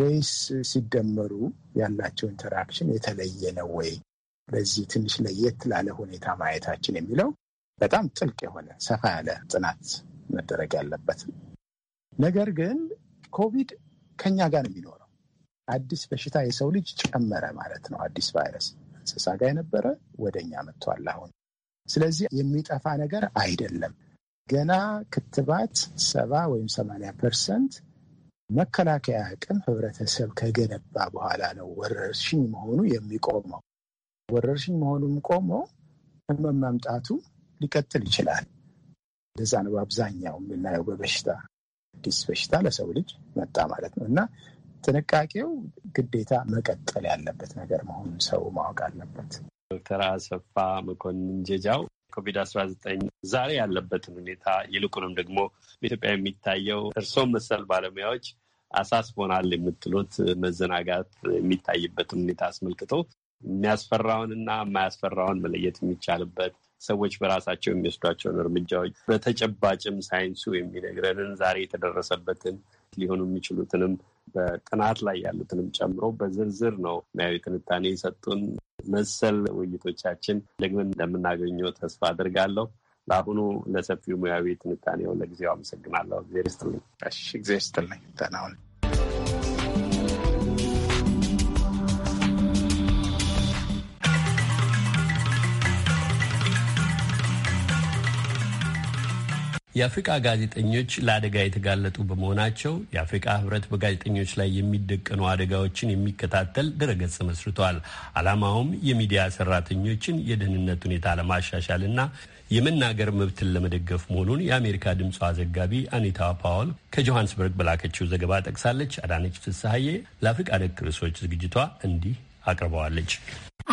ወይስ ሲደመሩ ያላቸው ኢንተራክሽን የተለየ ነው ወይ በዚህ ትንሽ ለየት ላለ ሁኔታ ማየታችን የሚለው በጣም ጥልቅ የሆነ ሰፋ ያለ ጥናት መደረግ ያለበት ነገር ግን ኮቪድ ከኛ ጋር ነው የሚኖረው። አዲስ በሽታ የሰው ልጅ ጨመረ ማለት ነው። አዲስ ቫይረስ እንስሳ ጋር የነበረ ወደኛ መጥቷል። አሁን ስለዚህ የሚጠፋ ነገር አይደለም። ገና ክትባት ሰባ ወይም ሰማንያ ፐርሰንት መከላከያ አቅም ህብረተሰብ ከገነባ በኋላ ነው ወረርሽኝ መሆኑ የሚቆመው። ወረርሽኝ መሆኑም ቆሞ ህመም መምጣቱ ሊቀጥል ይችላል። እንደዛ ነው በአብዛኛው የምናየው በበሽታ አዲስ በሽታ ለሰው ልጅ መጣ ማለት ነው እና ጥንቃቄው ግዴታ መቀጠል ያለበት ነገር መሆኑን ሰው ማወቅ አለበት። ዶክተር አሰፋ መኮንን ጀጃው ኮቪድ አስራ ዘጠኝ ዛሬ ያለበትን ሁኔታ ይልቁንም ደግሞ በኢትዮጵያ የሚታየው እርሶም መሰል ባለሙያዎች አሳስቦናል የምትሉት መዘናጋት የሚታይበትን ሁኔታ አስመልክቶ የሚያስፈራውንና የማያስፈራውን መለየት የሚቻልበት ሰዎች በራሳቸው የሚወስዷቸውን እርምጃዎች በተጨባጭም ሳይንሱ የሚነግረንን ዛሬ የተደረሰበትን ሊሆኑ የሚችሉትንም በጥናት ላይ ያሉትንም ጨምሮ በዝርዝር ነው ሙያዊ ትንታኔ የሰጡን። መሰል ውይይቶቻችን ደግመን እንደምናገኘው ተስፋ አድርጋለሁ። ለአሁኑ ለሰፊው ሙያዊ ትንታኔው ለጊዜው አመሰግናለሁ። እግዜር ይስጥልኝ። እግዜር ይስጥልኝ። የአፍሪቃ ጋዜጠኞች ለአደጋ የተጋለጡ በመሆናቸው የአፍሪቃ ህብረት በጋዜጠኞች ላይ የሚደቀኑ አደጋዎችን የሚከታተል ድረገጽ መስርቷል። ዓላማውም የሚዲያ ሰራተኞችን የደህንነት ሁኔታ ለማሻሻልና የመናገር መብትን ለመደገፍ መሆኑን የአሜሪካ ድምፅ ዘጋቢ አኒታ ፓውል ከጆሃንስበርግ በላከችው ዘገባ ጠቅሳለች። አዳነች ፍስሐዬ ለአፍሪቃ ነክ ርዕሶች ዝግጅቷ እንዲህ አቅርበዋለች።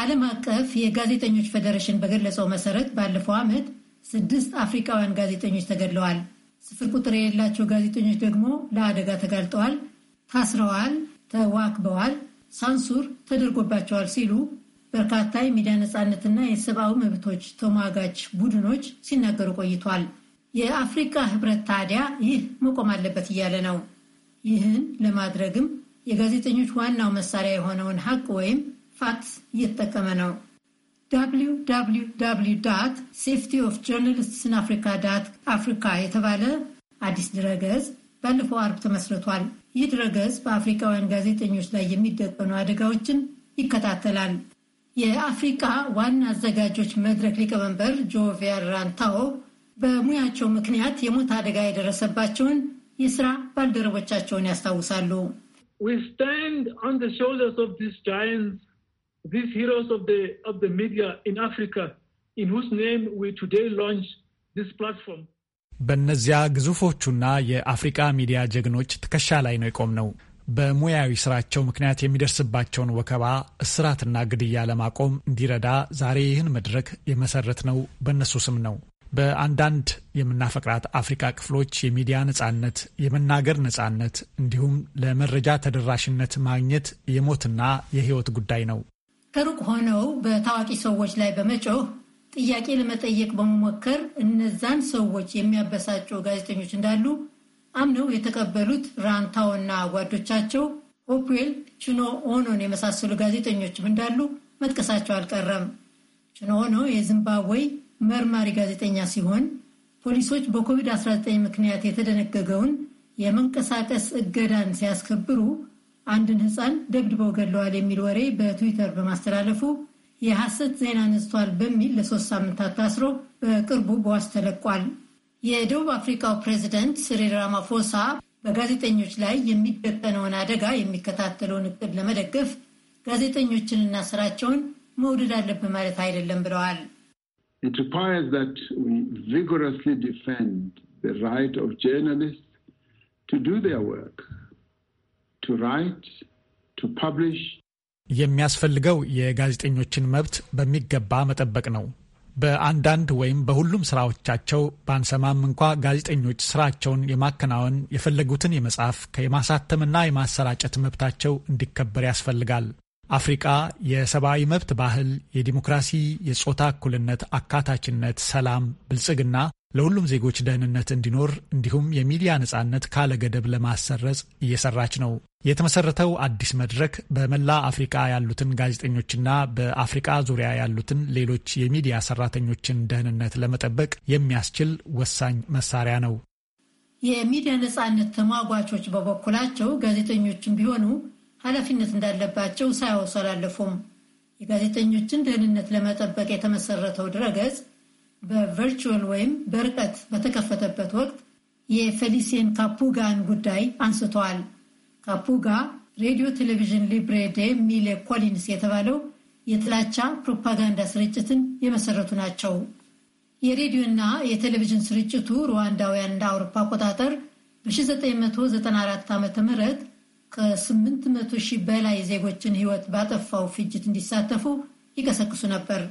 ዓለም አቀፍ የጋዜጠኞች ፌዴሬሽን በገለጸው መሰረት ባለፈው ዓመት ስድስት አፍሪካውያን ጋዜጠኞች ተገድለዋል። ስፍር ቁጥር የሌላቸው ጋዜጠኞች ደግሞ ለአደጋ ተጋልጠዋል፣ ታስረዋል፣ ተዋክበዋል፣ ሳንሱር ተደርጎባቸዋል ሲሉ በርካታ የሚዲያ ነፃነትና የሰብአዊ መብቶች ተሟጋች ቡድኖች ሲናገሩ ቆይቷል። የአፍሪካ ህብረት ታዲያ ይህ መቆም አለበት እያለ ነው። ይህን ለማድረግም የጋዜጠኞች ዋናው መሳሪያ የሆነውን ሀቅ ወይም ፋክስ እየተጠቀመ ነው። www ሴፍቲ ኦፍ ጆርናሊስትስን አፍሪካ ዳት አፍሪካ የተባለ አዲስ ድረገጽ ባለፈው አርብ ተመስርቷል። ይህ ድረገጽ በአፍሪካውያን ጋዜጠኞች ላይ የሚደቀኑ አደጋዎችን ይከታተላል። የአፍሪካ ዋና አዘጋጆች መድረክ ሊቀመንበር ጆቪያ ራንታዎ በሙያቸው ምክንያት የሞት አደጋ የደረሰባቸውን የስራ ባልደረቦቻቸውን ያስታውሳሉ። these heroes of the, of the media in Africa, in whose name we today launch this platform. በእነዚያ ግዙፎቹና የአፍሪቃ ሚዲያ ጀግኖች ትከሻ ላይ ነው የቆምነው። ነው። በሙያዊ ስራቸው ምክንያት የሚደርስባቸውን ወከባ፣ እስራትና ግድያ ለማቆም እንዲረዳ ዛሬ ይህን መድረክ የመሰረት ነው በእነሱ ስም ነው። በአንዳንድ የምናፈቅራት አፍሪካ ክፍሎች የሚዲያ ነጻነት፣ የመናገር ነጻነት እንዲሁም ለመረጃ ተደራሽነት ማግኘት የሞትና የህይወት ጉዳይ ነው። ከሩቅ ሆነው በታዋቂ ሰዎች ላይ በመጮህ ጥያቄ ለመጠየቅ በመሞከር እነዛን ሰዎች የሚያበሳጩ ጋዜጠኞች እንዳሉ አምነው የተቀበሉት ራንታውና ጓዶቻቸው ሆፕዌል ችኖ ኦኖን የመሳሰሉ ጋዜጠኞችም እንዳሉ መጥቀሳቸው አልቀረም። ችኖ ኦኖ የዚምባብዌ መርማሪ ጋዜጠኛ ሲሆን ፖሊሶች በኮቪድ-19 ምክንያት የተደነገገውን የመንቀሳቀስ እገዳን ሲያስከብሩ አንድን ሕፃን ደብድበው ገድለዋል የሚል ወሬ በትዊተር በማስተላለፉ የሐሰት ዜና አነስቷል በሚል ለሶስት ሳምንታት ታስሮ በቅርቡ በዋስ ተለቋል። የደቡብ አፍሪካው ፕሬዚደንት ሲሪል ራማፎሳ በጋዜጠኞች ላይ የሚደቀነውን አደጋ የሚከታተለውን እቅድ ለመደገፍ ጋዜጠኞችንና ስራቸውን መውደድ አለብን ማለት አይደለም ብለዋል። to write, to publish. የሚያስፈልገው የጋዜጠኞችን መብት በሚገባ መጠበቅ ነው። በአንዳንድ ወይም በሁሉም ስራዎቻቸው ባንሰማም እንኳ ጋዜጠኞች ስራቸውን የማከናወን የፈለጉትን የመጻፍ የማሳተምና የማሰራጨት መብታቸው እንዲከበር ያስፈልጋል። አፍሪቃ የሰብአዊ መብት ባህል፣ የዲሞክራሲ፣ የጾታ እኩልነት፣ አካታችነት፣ ሰላም፣ ብልጽግና ለሁሉም ዜጎች ደህንነት እንዲኖር እንዲሁም የሚዲያ ነጻነት ካለ ገደብ ለማሰረጽ እየሰራች ነው። የተመሰረተው አዲስ መድረክ በመላ አፍሪካ ያሉትን ጋዜጠኞችና በአፍሪካ ዙሪያ ያሉትን ሌሎች የሚዲያ ሰራተኞችን ደህንነት ለመጠበቅ የሚያስችል ወሳኝ መሳሪያ ነው። የሚዲያ ነጻነት ተሟጓቾች በበኩላቸው ጋዜጠኞችም ቢሆኑ ኃላፊነት እንዳለባቸው ሳያወሱ አላለፉም። የጋዜጠኞችን ደህንነት ለመጠበቅ የተመሰረተው ድረገጽ በቨርቹዋል ወይም በርቀት በተከፈተበት ወቅት የፌሊሲን ካፑጋን ጉዳይ አንስተዋል። ካፑጋ ሬዲዮ ቴሌቪዥን ሊብሬ ዴ ሚሌ ኮሊንስ የተባለው የጥላቻ ፕሮፓጋንዳ ስርጭትን የመሰረቱ ናቸው። የሬዲዮና የቴሌቪዥን ስርጭቱ ሩዋንዳውያን እንደ አውሮፓ አቆጣጠር በ1994 ዓ ም ከ800 ሺህ በላይ ዜጎችን ሕይወት ባጠፋው ፍጅት እንዲሳተፉ ይቀሰቅሱ ነበር።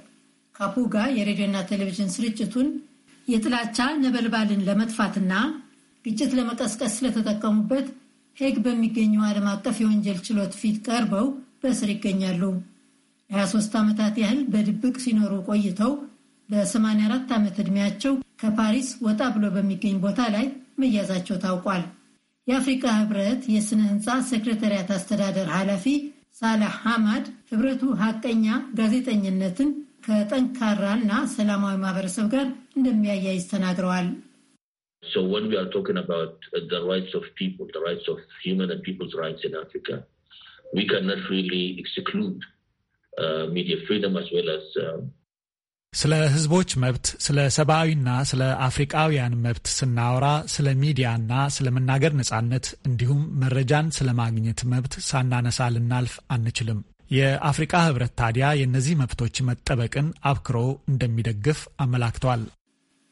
ካፑጋ የሬዲዮና ቴሌቪዥን ስርጭቱን የጥላቻ ነበልባልን ለመጥፋትና ግጭት ለመቀስቀስ ስለተጠቀሙበት ሄግ በሚገኘው ዓለም አቀፍ የወንጀል ችሎት ፊት ቀርበው በእስር ይገኛሉ። ለ23 ዓመታት ያህል በድብቅ ሲኖሩ ቆይተው በ84 ዓመት ዕድሜያቸው ከፓሪስ ወጣ ብሎ በሚገኝ ቦታ ላይ መያዛቸው ታውቋል። የአፍሪካ ህብረት የሥነ ህንፃ ሴክሬታሪያት አስተዳደር ኃላፊ ሳላህ ሐማድ ህብረቱ ሐቀኛ ጋዜጠኝነትን ከጠንካራና ሰላማዊ ማህበረሰብ ጋር እንደሚያያይዝ ተናግረዋል። ስለ ህዝቦች መብት፣ ስለ ሰብአዊና ስለ አፍሪቃውያን መብት ስናወራ ስለ ሚዲያና ስለ መናገር ነጻነት እንዲሁም መረጃን ስለ ማግኘት መብት ሳናነሳ ልናልፍ አንችልም። የአፍሪቃ ህብረት ታዲያ የእነዚህ መብቶች መጠበቅን አብክሮ እንደሚደግፍ አመላክተዋል።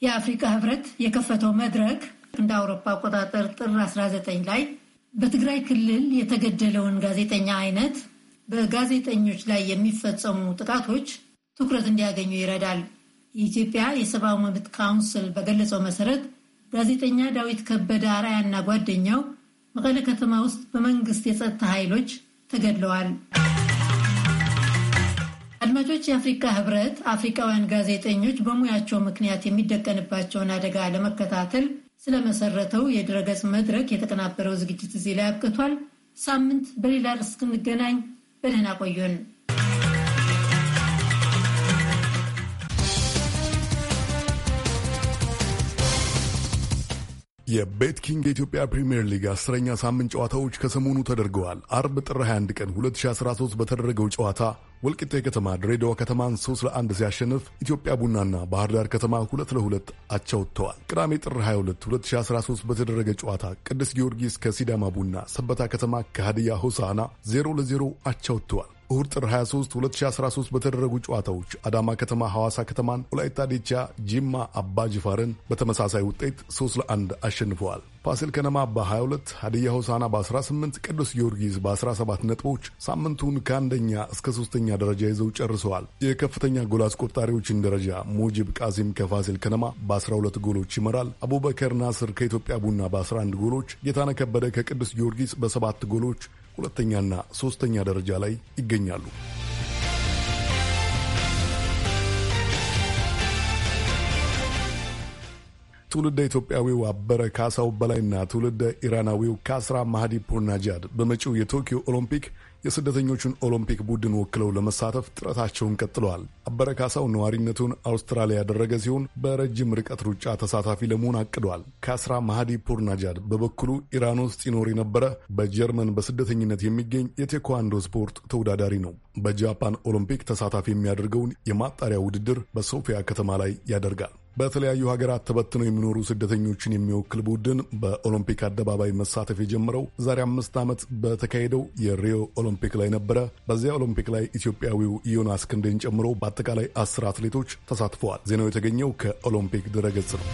የአፍሪካ ህብረት የከፈተው መድረክ እንደ አውሮፓ አቆጣጠር ጥር 19 ላይ በትግራይ ክልል የተገደለውን ጋዜጠኛ አይነት በጋዜጠኞች ላይ የሚፈጸሙ ጥቃቶች ትኩረት እንዲያገኙ ይረዳል። የኢትዮጵያ የሰብአዊ መብት ካውንስል በገለጸው መሰረት ጋዜጠኛ ዳዊት ከበደ አራያና ጓደኛው መቀለ ከተማ ውስጥ በመንግስት የጸጥታ ኃይሎች ተገድለዋል። አድማጮች፣ የአፍሪካ ህብረት አፍሪካውያን ጋዜጠኞች በሙያቸው ምክንያት የሚደቀንባቸውን አደጋ ለመከታተል ስለመሰረተው የድረገጽ መድረክ የተቀናበረው ዝግጅት እዚህ ላይ አብቅቷል። ሳምንት በሌላ ርዕስ እስክንገናኝ በደህና ቆዩን። የቤት ኪንግ የኢትዮጵያ ፕሪምየር ሊግ አስረኛ ሳምንት ጨዋታዎች ከሰሞኑ ተደርገዋል። አርብ ጥር 21 ቀን 2013 በተደረገው ጨዋታ ወልቂጤ ከተማ ድሬዳዋ ከተማን 3 ለ1 ሲያሸንፍ ኢትዮጵያ ቡናና ባህር ዳር ከተማ 2 ለ2 አቻ ወጥተዋል። ቅዳሜ ጥር 22 2013 በተደረገ ጨዋታ ቅዱስ ጊዮርጊስ ከሲዳማ ቡና፣ ሰበታ ከተማ ከሃዲያ ሆሳና 0 ለ0 አቻ ወጥተዋል። እሁድ ጥር 23 2013 በተደረጉ ጨዋታዎች አዳማ ከተማ ሐዋሳ ከተማን፣ ወላይታ ዲቻ ጂማ አባ ጅፋርን በተመሳሳይ ውጤት 3 ለአንድ አሸንፈዋል። ፋሲል ከነማ በ22፣ ሀዲያ ሆሳና በ18፣ ቅዱስ ጊዮርጊስ በ17 ነጥቦች ሳምንቱን ከአንደኛ እስከ ሶስተኛ ደረጃ ይዘው ጨርሰዋል። የከፍተኛ ጎል አስቆጣሪዎችን ደረጃ ሙጂብ ቃሲም ከፋሲል ከነማ በ12 ጎሎች ይመራል። አቡበከር ናስር ከኢትዮጵያ ቡና በ11 ጎሎች፣ ጌታነ ከበደ ከቅዱስ ጊዮርጊስ በሰባት ጎሎች ሁለተኛና ሶስተኛ ደረጃ ላይ ይገኛሉ። ትውልደ ኢትዮጵያዊው አበረ ካሳው በላይና ትውልደ ኢራናዊው ካስራ ማህዲ ፖርናጃድ በመጪው የቶኪዮ ኦሎምፒክ የስደተኞቹን ኦሎምፒክ ቡድን ወክለው ለመሳተፍ ጥረታቸውን ቀጥለዋል። አበረካሳው ነዋሪነቱን አውስትራሊያ ያደረገ ሲሆን በረጅም ርቀት ሩጫ ተሳታፊ ለመሆን አቅዷል። ካስራ ማሃዲ ፑርናጃድ በበኩሉ ኢራን ውስጥ ይኖር የነበረ በጀርመን በስደተኝነት የሚገኝ የቴኳንዶ ስፖርት ተወዳዳሪ ነው። በጃፓን ኦሎምፒክ ተሳታፊ የሚያደርገውን የማጣሪያ ውድድር በሶፊያ ከተማ ላይ ያደርጋል። በተለያዩ ሀገራት ተበትነው የሚኖሩ ስደተኞችን የሚወክል ቡድን በኦሎምፒክ አደባባይ መሳተፍ የጀመረው ዛሬ አምስት ዓመት በተካሄደው የሪዮ ኦሎምፒክ ላይ ነበረ። በዚያ ኦሎምፒክ ላይ ኢትዮጵያዊው ዮናስ ክንዴን ጨምሮ በአጠቃላይ አስር አትሌቶች ተሳትፈዋል። ዜናው የተገኘው ከኦሎምፒክ ድረገጽ ነው።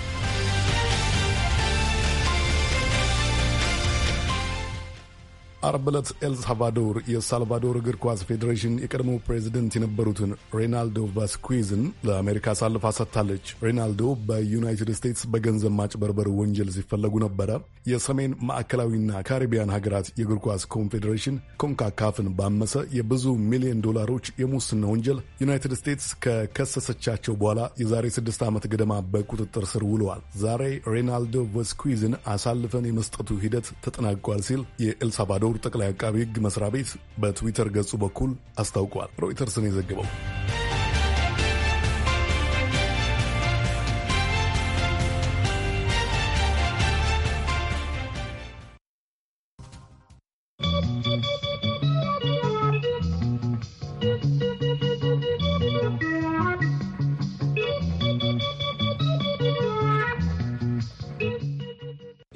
አርብ ዕለት ኤልሳልቫዶር የሳልቫዶር እግር ኳስ ፌዴሬሽን የቀድሞ ፕሬዚደንት የነበሩትን ሬናልዶ ቫስኩዝን ለአሜሪካ አሳልፋ ሰጥታለች። ሬናልዶ በዩናይትድ ስቴትስ በገንዘብ ማጭበርበር ወንጀል ሲፈለጉ ነበረ። የሰሜን ማዕከላዊና ካሪቢያን ሀገራት የእግር ኳስ ኮንፌዴሬሽን ኮንካካፍን ባመሰ የብዙ ሚሊዮን ዶላሮች የሙስና ወንጀል ዩናይትድ ስቴትስ ከከሰሰቻቸው በኋላ የዛሬ ስድስት ዓመት ገደማ በቁጥጥር ስር ውለዋል። ዛሬ ሬናልዶ ቫስኩዝን አሳልፈን የመስጠቱ ሂደት ተጠናቋል ሲል የኤልሳልቫዶር የአገር ጠቅላይ አቃቢ ሕግ መስሪያ ቤት በትዊተር ገጹ በኩል አስታውቋል። ሮይተርስን የዘግበው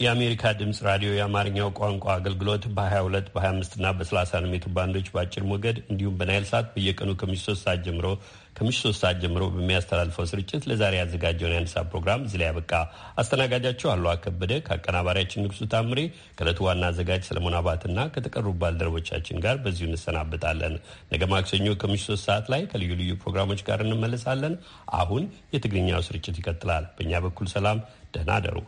የአሜሪካ ድምጽ ራዲዮ የአማርኛው ቋንቋ አገልግሎት በ22 በ25 እና በ30 ሜትር ባንዶች በአጭር ሞገድ እንዲሁም በናይል ሳት በየቀኑ ከምሽቱ 3 ሰዓት ጀምሮ ከምሽቱ ሶስት ሰዓት ጀምሮ በሚያስተላልፈው ስርጭት ለዛሬ ያዘጋጀውን የአንድ ሰዓት ፕሮግራም እዚህ ላይ ያበቃ። አስተናጋጃቸው አሉ አከበደ ከአቀናባሪያችን ንጉሱ ታምሬ ከእለቱ ዋና አዘጋጅ ሰለሞን አባትና ከተቀሩ ባልደረቦቻችን ጋር በዚሁ እንሰናበታለን። ነገ ማክሰኞ ከምሽቱ 3 ሰዓት ላይ ከልዩ ልዩ ፕሮግራሞች ጋር እንመለሳለን። አሁን የትግርኛው ስርጭት ይቀጥላል። በእኛ በኩል ሰላም፣ ደህና አደሩ።